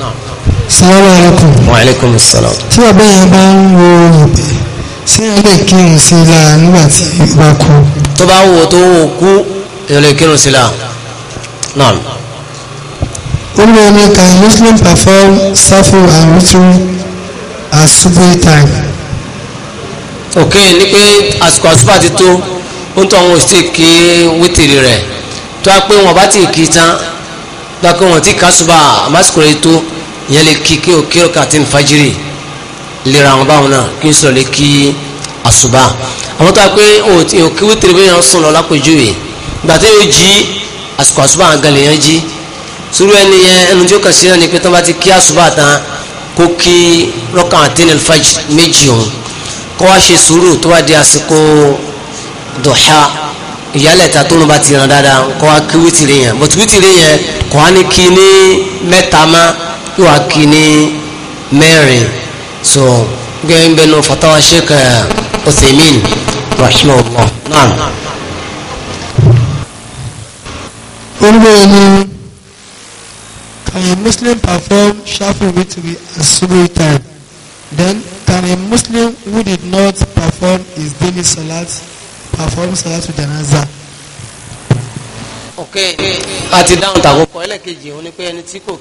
salamu alaykum. wa aleykum salaam. tí ọbẹ̀ yẹn bá ń wo ìbẹ̀ sí ẹgbẹ́ kírun sí i lára nígbà tí ìbá kú. tó bá wò tó wò kú èèyàn kírun sí i lára naam. Only can Muslim perform safu and ritual at subuhi time. Okay, ní pé àsìkò àsùbà ti tó ń tọ́ wọn ò sì kí wítìrì rẹ̀ tó a pé wọn bá ti kí tán tó a pé wọn ti kà àsùbà àmásìkò rẹ̀ tó ìyẹn lè kí kí o kí ọkà tí fajiri lera àwọn báwọn náà kí n sọ̀rọ̀ lè kí àsùbà àwọn tó a pé òkè wítìrì bí wọn sùn lọ lápèjúwe gbàtẹ́ yóò jí àsìkò àsùbà àgàlẹ̀ yẹn jí. Suru ẹni yẹn ẹnu tí ó kàn sí náà ni pé tó bá ti kí àṣùbà tán kó kí rọ́kàn àtẹnil fajr méjì òun kó wá ṣe sùúrù tó bá di àsìkò dùhà ìyálẹ̀ta tó ló bá ti ràn dáadáa kó wá kí wítìrì yẹn bọ̀tù wítìrì yẹn kó wá ní kí ní mẹ́ta má yóò wá kí ní mẹ́rin so gẹ́gẹ́ bẹ́ẹ̀ ní fatawa sheikh eh, Uthaymin rahimahullah naam. Can a Muslim perform Shafi Witri at Subhi time? Then, can a Muslim who did not perform his daily Salat perform Salat with Janaza? ok àti dáhùn tàkókò ẹlẹ́kejì òun ni pé ẹni tí kò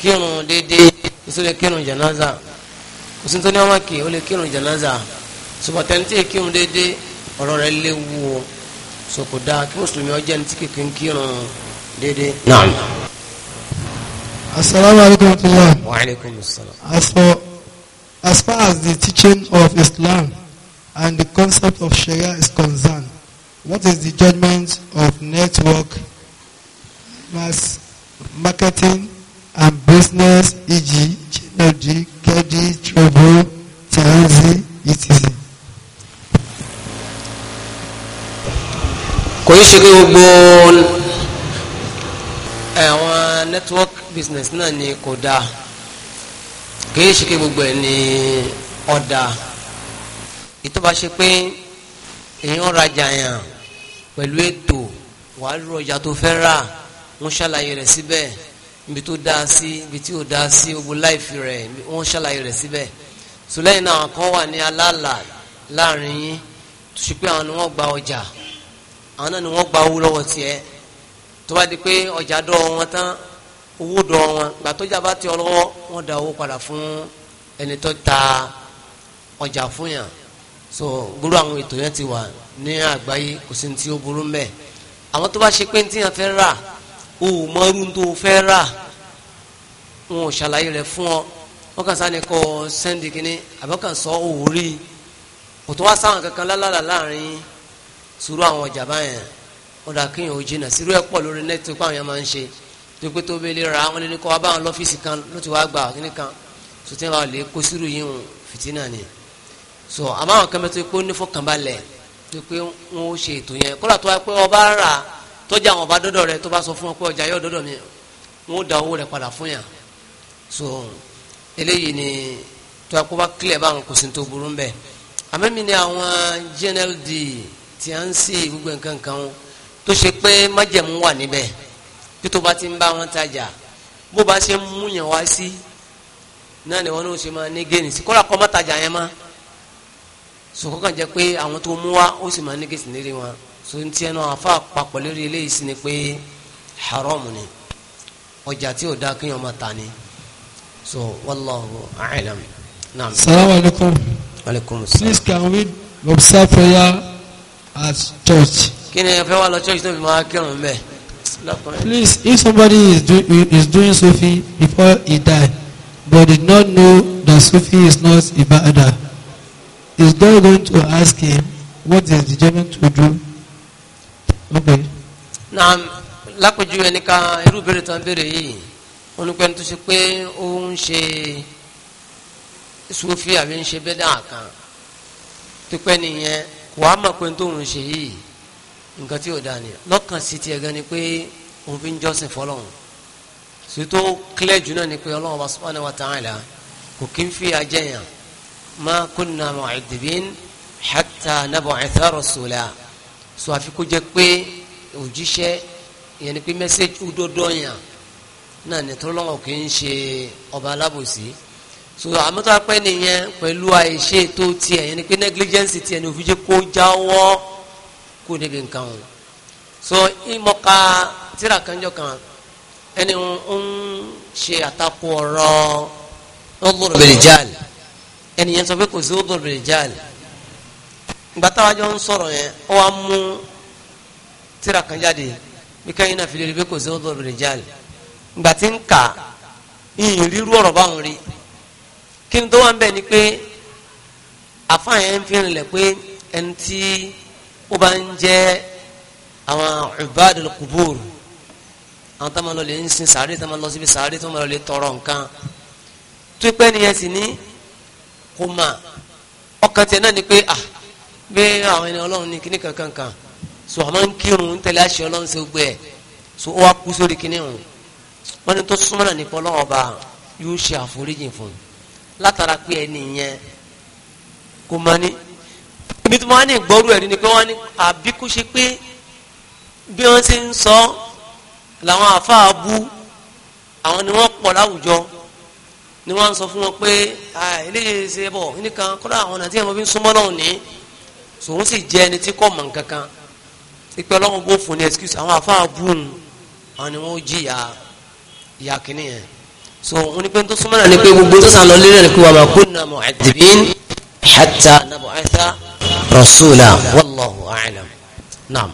kírun déédéé kò sí lè kírun janaza kò sí tó ní ọmọ kì ó lè kírun janaza ṣùgbọ́n ẹni tí kírun déédéé ọ̀rọ̀ rẹ̀ léwu o so kò dáa kí mùsùlùmí ọjọ́ ẹni tí kìkì ń kírun déédéé. naam. Assalamu alaikum warahmatullah. Wa alaikum assalam. As for as far as the teaching of Islam and the concept of Sharia is concerned, what is the judgment of network, mass marketing, and business, e.g., Chinoji, KD, Trouble, Tanzi, etc. kò í ṣe pé gbogbo àwọn network business náà ni kò dáa kìí ṣe kí gbogbo ẹ̀ ní ọ̀dà ìtọ́ba ṣe pé èèyàn rajà yàn pẹ̀lú ètò wàá rú ọjà tó fẹ́ rà wọ́n ṣàlàyé rẹ̀ síbẹ̀ ibi tó dáa sí ibi tí ò dáa sí gbogbo láìfi rẹ̀ wọ́n ṣàlàyé rẹ̀ síbẹ̀ sùlẹ́yìn náà kan wà ní aláàlà láàrin yín ṣe pé àwọn ni wọ́n gba ọjà àwọn náà ni wọ́n gba owó lọ́wọ́ tiẹ̀ tó bá di pé ọjà dọ́ wọn tán owó dọ̀ wọn gbà tó jábá ti ọlọ́wọ́ wọn da owó padà fún ẹni tó ta ọjà fún yàn so gbúrú àwọn ètò yẹn ti wà ní àgbáyé kò sí ní tí ó burú mbẹ àwọn tó bá ṣe pé ní tí yàn fẹ́ rà o ò mọ irú tó fẹ́ rà wọn ò ṣàlàyé rẹ fún ọ wọn kàn sáà ní kọ sẹ́ndì kínní àbọ̀kàn sọ òórí kò tó wá sáwọn kankan lálàlà láàrin sùúrù àwọn ọjà báyẹn ọ̀dà kínyìn ò jìnnà sírú ẹ̀ pọ̀ lórí nẹ́ẹ̀tì pé yẹn máa ń ṣe tó pé tó bẹ lè ra wọn lè ní kọ́ wá báwọn lọ́fíìsì kan ló ti wá gbà ọ́ kíní kan tó ti ń kó sírù yìí hùn fìtínà ni so àbáwọn kan bẹ tó pé ó ní fọkànbalẹ̀ tó pé wọn ó ṣe ètò yẹn kọ́lá tó wá pé ọba rà tọ́jà àwọn ọba dọ́dọ̀ rẹ tó bá sọ fún ọ pé ọjà yóò dọ́dọ̀ mi wọn ó da owó rẹ padà fún yàn so eléyìí ni tó wá pé ó bá clear báwọn kò sí tó burú ń bẹ́ẹ̀ àmẹ́mi ni àwọn GNLD tí a ń ṣe gbogbo nǹkan kan tó ṣe pé májẹ̀mú wà níbẹ̀ pé tó bá ti ń bá wọn tajà bó bá ṣe ń múyàn wá sí náà ni wọn ní o ṣe máa ní géènì sí kóra kọ́ má tajà yẹn má sòkò kàn jẹ́ pé àwọn tó mú wá ó sì máa ní géèsì lérí wọn so ń tiẹ̀ náà àfa àpapọ̀ lérí eléyìí sí ni pé haram ni ọjà tí ò dáa kéèyàn máa tà ni so wallahu a'lam naam. salaam aleykum. aleykum salaam. please can we observe prayer at church. kí ni ẹ fẹ́ wá lọ church tó fi máa kírun bẹ́ẹ̀. Please, if somebody is doing is doing Sufi before he die, but did not know that Sufi is not Ibada, is God going to ask him what is the judgment to do okay. na lápèjú ẹnìkan irú ìbéèrè tán béèrè yìí onípẹ́ni tó ṣe pé ó ń ṣe Sufi àbí ń ṣe bẹ́dà kan tó pẹ́ nìyẹn wàá mọ̀ pé tó ń ṣe yìí nǹkan tí ò da ni lọ́kàn sí tiẹ̀ gan ni pé òun fi ń jọ́sìn fọlọ́hún sòtò kílẹ̀ jù náà ni pé ọlọ́run wa subhanahu wa ta'ala kò kí ń fi àjẹyàn ma kunna mu'adibin hatta nab'atha rasula sọ àfi kó jẹ́ pé òjíṣẹ́ ìyẹn ni pé mẹ́sẹ̀jì òdodo yàn náà ni tó lọ́wọ́ kì í ṣe ọba alábòsí so àmọ́tọ́ apẹ́ nìyẹn pẹ̀lú àìṣe tó tiẹ̀ ìyẹn ni pé negligence tiẹ̀ ni òfin jẹ́ kó jáwọ́ kú níbi nǹkan o so ìmọ̀ka tíra kanjọ kan ẹni ń ṣe àtakò ọ̀rọ̀ ọgbọ̀n bèrèjàl ẹni yẹn sọ pé kò sí ọgbọ̀n bèrèjàl ìgbà táwa jọ ń sọ̀rọ̀ yẹn ó wá mú tíra kan jáde bí kẹ́yìn náà fi lè rí pé kò sí ọgbọ̀n bèrèjàl ìgbà tí ń kà ìyìn rírú ọ̀rọ̀ báwọn rí kí n tó wá ń bẹ̀ ni pé àfáàyàn ń fi rìnlẹ̀ pé ẹni tí ó bá ń jẹ́ àwọn ubadul qubur àwọn tó máa lè ń sin sàárè tó máa lọ síbi sàárè tó máa lọ lè tọrọ nǹkan tó pẹ́ nìyẹn sì ní kò mà ọkàn tiẹ̀ náà ni pé ah bí àwọn ẹni ọlọ́run ní kíní kankan kan so àmọ́ ń kírun ń tẹ̀lé àṣẹ ọlọ́run ṣe gbẹ so ó wá kú sórí kíní rùn wọ́n ní tó súnmọ́ náà nípa ọlọ́run ọba yóò ṣe àforíjì fún un látara pé ẹni yẹn kò máa ní ibi tí wọ́n á ní ìgbọ́rú ẹ̀rí ni pé wọ́n á ní àbí kó ṣe pé bí wọ́n ti ń sọ làwọn àáfàá bú àwọn ni wọ́n pọ̀ láwùjọ ni wọ́n á sọ fún wọn pé eléyìí ṣe bọ̀ nìkan kọ́dà àwọn àti ẹ̀mọ́ fi ń súnmọ́ náà ní sòun sì jẹ́ ẹni tí kò mọ̀ nǹkan kan ìpè ọlọ́run bó fún ní excuse àwọn àáfàá bú un àwọn ni wọ́n jìyà ìyà kìnìyàn so wọn ni pé tó súnmọ́ náà ni pé gbogbo tó sàn lọ lé rasula wallahu a'lam naam.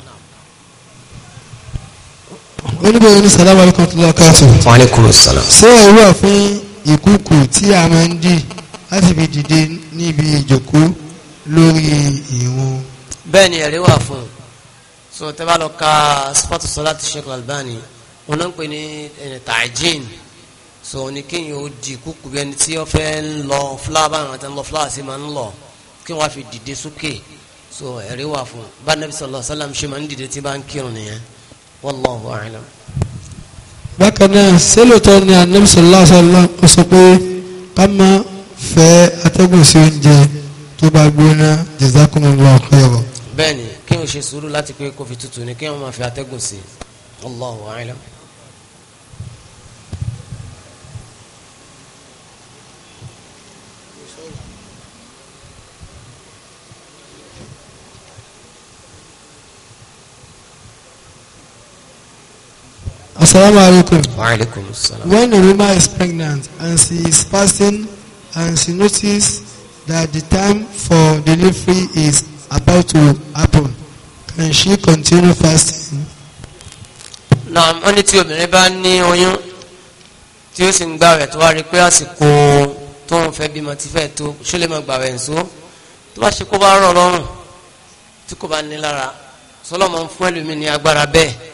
olùbẹ̀rẹ̀ ní salamu alaykum tó lọ́ọ́ káàtó. wa alaykum salaam. ṣé ẹ wà fún ìkúkù tí a máa ń dì láti fi dìde níbi ìjòkó lórí ìrun. bẹ́ẹ̀ ni ẹ̀rí wà fún un so tẹ́ bá lọ ka sifatu salat sheikh albani wọn náà ń pè ní tajin so ní kéèyàn ó di kúkú bí ẹni tí wọ́n fẹ́ ń lọ fúláwà báwọn àti ń lọ fúláwà sí máa ń lọ kí wọ́n fi dìde sókè so ẹ̀rí wà fún un bá nàbí sọlọ sálàm ṣe máa ń dìde tí bá ń kírun nìyẹn wallahu a'lam. bákan náà sẹ́lótọ́ ni ànábì sọlá sọlá ó sọ pé ká má fẹ́ atẹ́gùn sí oúnjẹ tó bá gbóná jazakumullahu khairan. bẹ́ẹ̀ni kí n ò ṣe sùúrù láti pé kó fi ni kí n ò fi atẹ́gùn sí wallahu a'lam. Assalamu alaikum. Wa alaikum assalam. When a woman is pregnant and she is fasting and she notices that the time for delivery is about to happen, can she continue fasting? Naam, wọ́n ní tí obìnrin bá ní oyún tí ó sì ń gbààwẹ̀ tó wá rí pé àsìkò tó ń fẹ́ bímọ ti fẹ́ tó ṣó lè máa gbààwẹ̀ nìṣó tó bá ṣe kó bá rọ̀ lọ́rùn tí kò bá ní lára sọlọ́mọ fún ẹlòmíì agbára bẹ́ẹ̀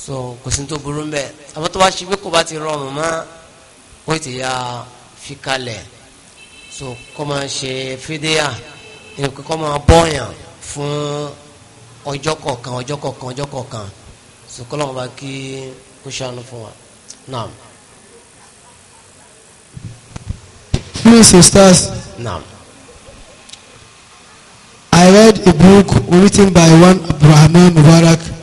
so kò sí tó burú mbẹ àmọ́ tó bá ṣe pé kò bá ti rọrùn mọ́ ó ti ya fi kalẹ̀ so kó máa ṣe fídíà nǹkan kó máa bọ́yàn fún ọjọ́ kọ̀ọ̀kan ọjọ́ kọ̀ọ̀kan ọjọ́ kọ̀ọ̀kan so kó lọ́wọ́ bá kí ó ṣàánú fún wa naam. please sisters. naam. I read a book written by one Abdulrahman Mubarak.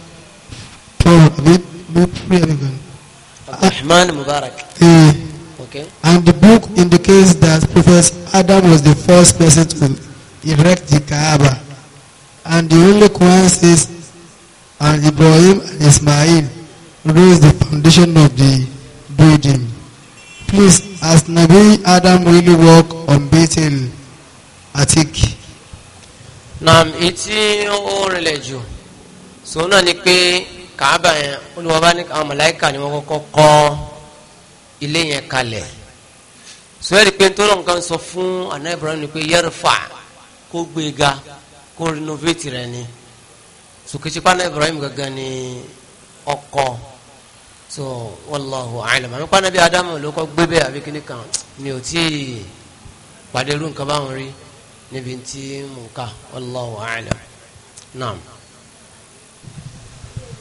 Rahman Mubarak. Eh, okay. And the book indicates that Prophet Adam was the first person to erect the Kaaba. And the only coincidence and Ibrahim and Ismail raised the foundation of the building. Please, has Nabi Adam really work on Bethel Atik? Naam, iti o rinlẹ̀ So na náà ni kaaba yẹn olùwà bá ní àwọn màláìka ni wọ́n kọ́kọ́ kọ́ ilé yẹn kalẹ̀ sọ́yẹ́rì pé nítorí nǹkan sọ fún àná Ibrahim ni pé yẹ́rìfà kó gbé ga kó rinovate rẹ̀ ni sùkìtìpá àná Ibrahim gangan ni ọkọ̀ so wallahu alam àmì pa adamu ló kọ gbé bẹ́ẹ̀ àbí kíní kan mi ò tí naam.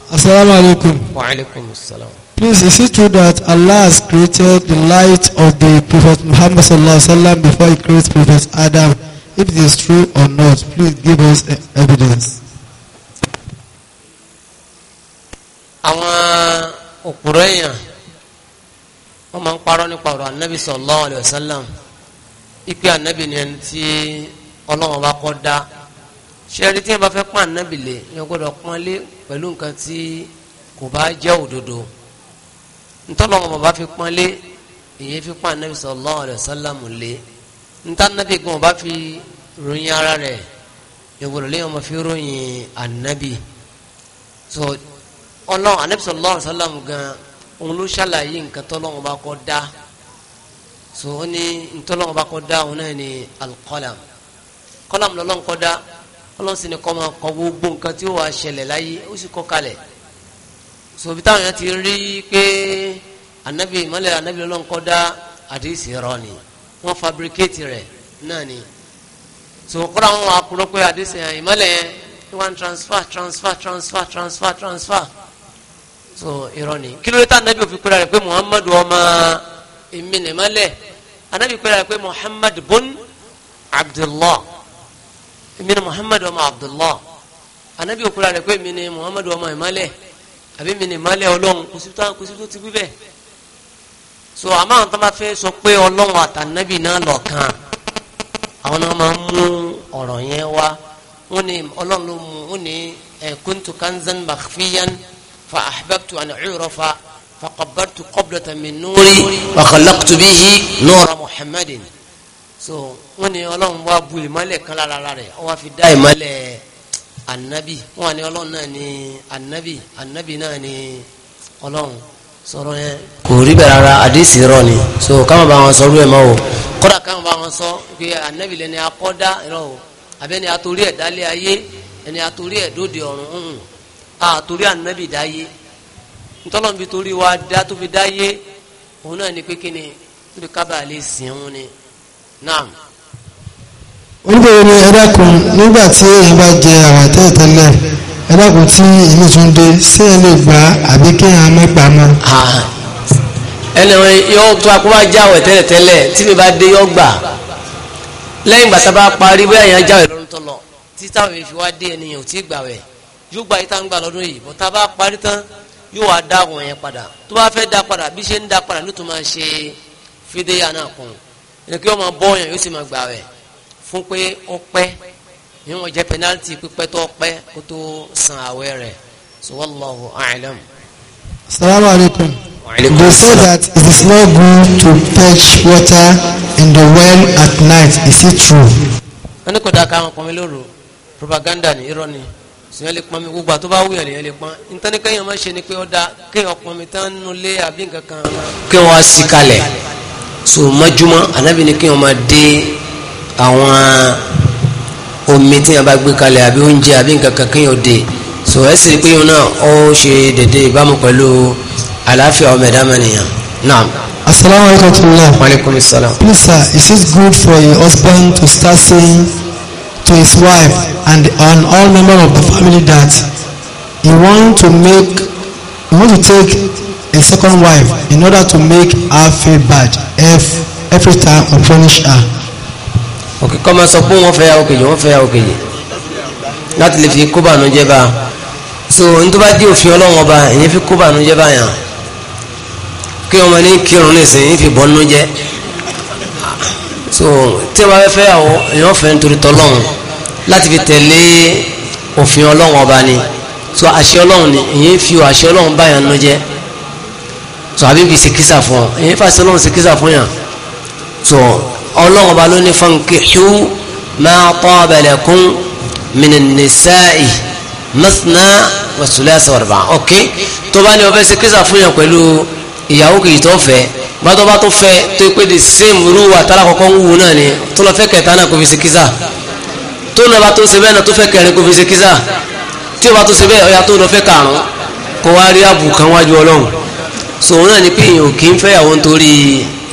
Assalamualaikum. Waalaikumsalam. Please, is it true that Allah has created the light of the Prophet Muhammad sallallahu alaihi wasallam before he created Prophet Adam? If it is true or not, please give us e- evidence. Àwọn òpùrọ̀ èèyàn wọ́n máa ń parọ́ nípa ọ̀rọ̀ ànábì sallallahu alaihi wasallam. Ipe ànábì ni ẹni tí Ọlọ́run bá kọ́ dá ṣẹ́ni tí yẹn bá fẹ́ pọ́n ànábì lé yẹn gbọ́dọ̀ pọ́n lé pẹ̀lú nǹkan tí kò bá jẹ́ òdodo ntọ́lọ́wọ́ bàbá fi pọ́n lé ìyẹn fi pọ́n ànábì sallallahu alaihi wasallam lé ntànábì gan ọba fi ròyìn ara rẹ̀ yẹn lé ọmọ fi ròyìn ànábì so ọlọ́run ànábì sallallahu alaihi wasallam gan òun ló ṣàlàyé nǹkan tọ́lọ́wọ́ bá kọ́ dá so ó ní ntọ́lọ́wọ́ bá kọ́ dá òun náà ní alqalam qalam lọ́lọ́run kọ́ ọlọ́sìn ni kọ́ máa kọ gbogbo nǹkan tí ó wà ṣẹlẹ̀ láyé ó sì kọ́ kalẹ̀ sòbí táwọn yẹn ti rí pé anabi ìmọ̀lẹ̀ anabi ọlọ́nkọ́ dá àdìsí rọ ni wọ́n fabricate rẹ̀ náà ni sòkúrò àwọn akúrò pé àdìsí ìmọ̀lẹ̀ yẹn wọ́n transfer transfer transfer transfer transfer so irọ́ ni kí ló dé tá anabi òfin pẹ́ra rẹ̀ pé muhammadu ọmọ ìmìnìmọ́lẹ̀ anabi pẹ́ra rẹ̀ pé muhammadu bun abdullah èmi ni muhammad ọmọ abdullah anabi òkúra rẹ̀ pé èmi ni muhammad ọmọ ìmálẹ̀ àbí èmi ni ìmálẹ̀ ọlọ́run kò sí tó ti wí bẹ́ẹ̀ so àmọ́ àwọn tó bá fẹ́ sọ pé ọlọ́run àtànábì náà lọ̀kan àwọn náà máa ń mú ọ̀rọ̀ yẹn wá wọ́n ní ọlọ́run ló mú wọ́n ní eh, kuntu kanzan makhfiyan fa ahbabtu an u'rafa fa qabbartu qablata min nuri wa khalaqtu bihi nura muhammadin so wọ́n ní ọlọ́run wá bu ìmọ́lẹ̀ kan lára rẹ̀ wọ́n wá fi dá ìmọ́lẹ̀ anabi wọ́n ní ọlọ́run náà ní anabi anabi náà ní ọlọ́run sọ̀rọ̀ yẹn. kò rí bẹ̀rẹ̀ ara àdìsí rọ ni so káwọn bá wọn sọ lóye mọ́ o. kódà káwọn bá wọn sọ pé anabi lẹni akọ́dá rọ o àbẹ́ni atorí ẹ̀ dálé ayé ẹni atorí ẹ̀ dóde ọ̀run ọ̀hún àtorí anabi dáyé ntọ́lọ́mbi torí wa dá tó fi dáyé òun náà ní pé kíni níbi kábàá lè sìn òun ni naam. oúnjẹ wo ni ẹ̀dàkùn nígbà tí èèyàn bá jẹ àwàtẹ́ ìtẹ́lẹ̀ ẹ̀dàkùn tí èmi tún dé ṣé ẹ lè gbà àbí kéèyàn má gbà mọ́. ẹnìwọ̀n yóò tó akọ́wá já àwẹ̀ tẹ́lẹ̀ tẹ́lẹ̀ tí mi bá dé yóò gbà lẹ́yìn gbàtà bá parí bóyá èèyàn já àwẹ̀ lọ́dún tó lọ tí táwọn èèyàn fi wá dé ènìyàn ò tí ì gbà wẹ̀ yóò gba yìí tá ń gbà lọ́dún yìí bọ́ ẹni kí wọ́n máa bọ́ yẹn yóò sì máa gbà rẹ̀ fún pé ó pẹ́ ní wọ́n jẹ́ pẹ́nálítì pípẹ́ tó pẹ́ kó tó san àwẹ̀ rẹ̀ so wallahu a'lam. assalamu They say that it is not good to fetch water in the well at night. Is it true? Wọ́n ní kò dáa ká àwọn ọkùnrin lóru propaganda ni irọ́ ni sìnyẹn lè pọnmi gbogbo àti tó bá wúyàn lèyàn lè pọn ntani kẹyìn ọmọ ṣe ni pé ọ̀dà kéèyàn pọnmi tán nulẹ̀ àbí nǹkan kan. kí wọ́n sí kalẹ̀ so mọ́júmọ́ anabi ni kí wọ́n máa dé àwọn omi tí wọ́n bá gbé kalẹ̀ àbí oúnjẹ àbí nǹkan kan kí wọ́n dé so ẹ sì rí pé wọn náà ó ṣe dédé ìbámu pẹ̀lú àlàáfíà ọmọ ẹ̀dá mẹ́nìyàn náà. asalaamu alaykum tula. maaleykum salaam. please is it good for a husband to start saying to his wife and on all members of the family that he want to make I want to take a second wife in order to make her feel bad every, every time I punish her. okay. kọ́ máa sọ pé wọ́n fẹ́ ya òkèjì wọ́n fẹ́ ya òkèjì láti lè fi kó bànújẹ́ bá a so n tó bá dé òfin ọlọ́wọ́n ọba ìyẹn fi kó bànújẹ́ bá yàn kí ọmọ ní kírun nísìn yìí fi bọ́nú jẹ́ so tí wọ́n bá fẹ́ yàwó èèyàn fẹ́ nítorí tọ́lọ́run láti fi tẹ̀lé òfin ọlọ́wọ́n ọba ni so àṣẹ ọlọ́run ni ìyẹn fi àṣẹ ọlọ́run báyà nù jẹ́ so àbí fi ṣe kísà fún ọ ìyẹn fàṣẹ ọlọ́run ṣe kísà fún yàn so ọlọ́run ọba ló ní fankihu ma taba lakum minan nisa'i masna wa thulatha wa ruba' ok tó bá ní ọbẹ̀ ṣe kísà fún yàn pẹ̀lú ìyàwó kìí tó fẹ́ gbọ́dọ̀ tó fẹ́ tó pé the same rule wà tára kọ́kọ́ ń wù náà ni tó lọ fẹ́ kẹta náà kò fi ṣe kísà tó lọ bá tó ṣe bẹ́ẹ̀ náà tó fẹ́ kẹrin kò fi ṣe kísà tí o bá tó ṣe bẹ́ẹ̀ ọ̀yà tó lọ fẹ́ karùn-ún kó wá rí àbù kan wájú ọlọ́run sòwò náà ni pé èèyàn kì í fẹ́yàwó nítorí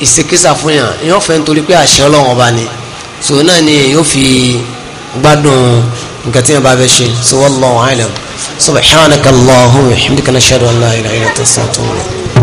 ìṣekísà fún yàn èèyàn fẹ́ nítorí pé àṣẹ ọlọ́run ọba ni sòwò náà ni èèyàn fi gbádùn nǹkan tí yàn bá fẹ́ ṣe sọ wallahu a'lam subhanaka allahumma wa bihamdika nashhadu an la ilaha illa anta astaghfiruka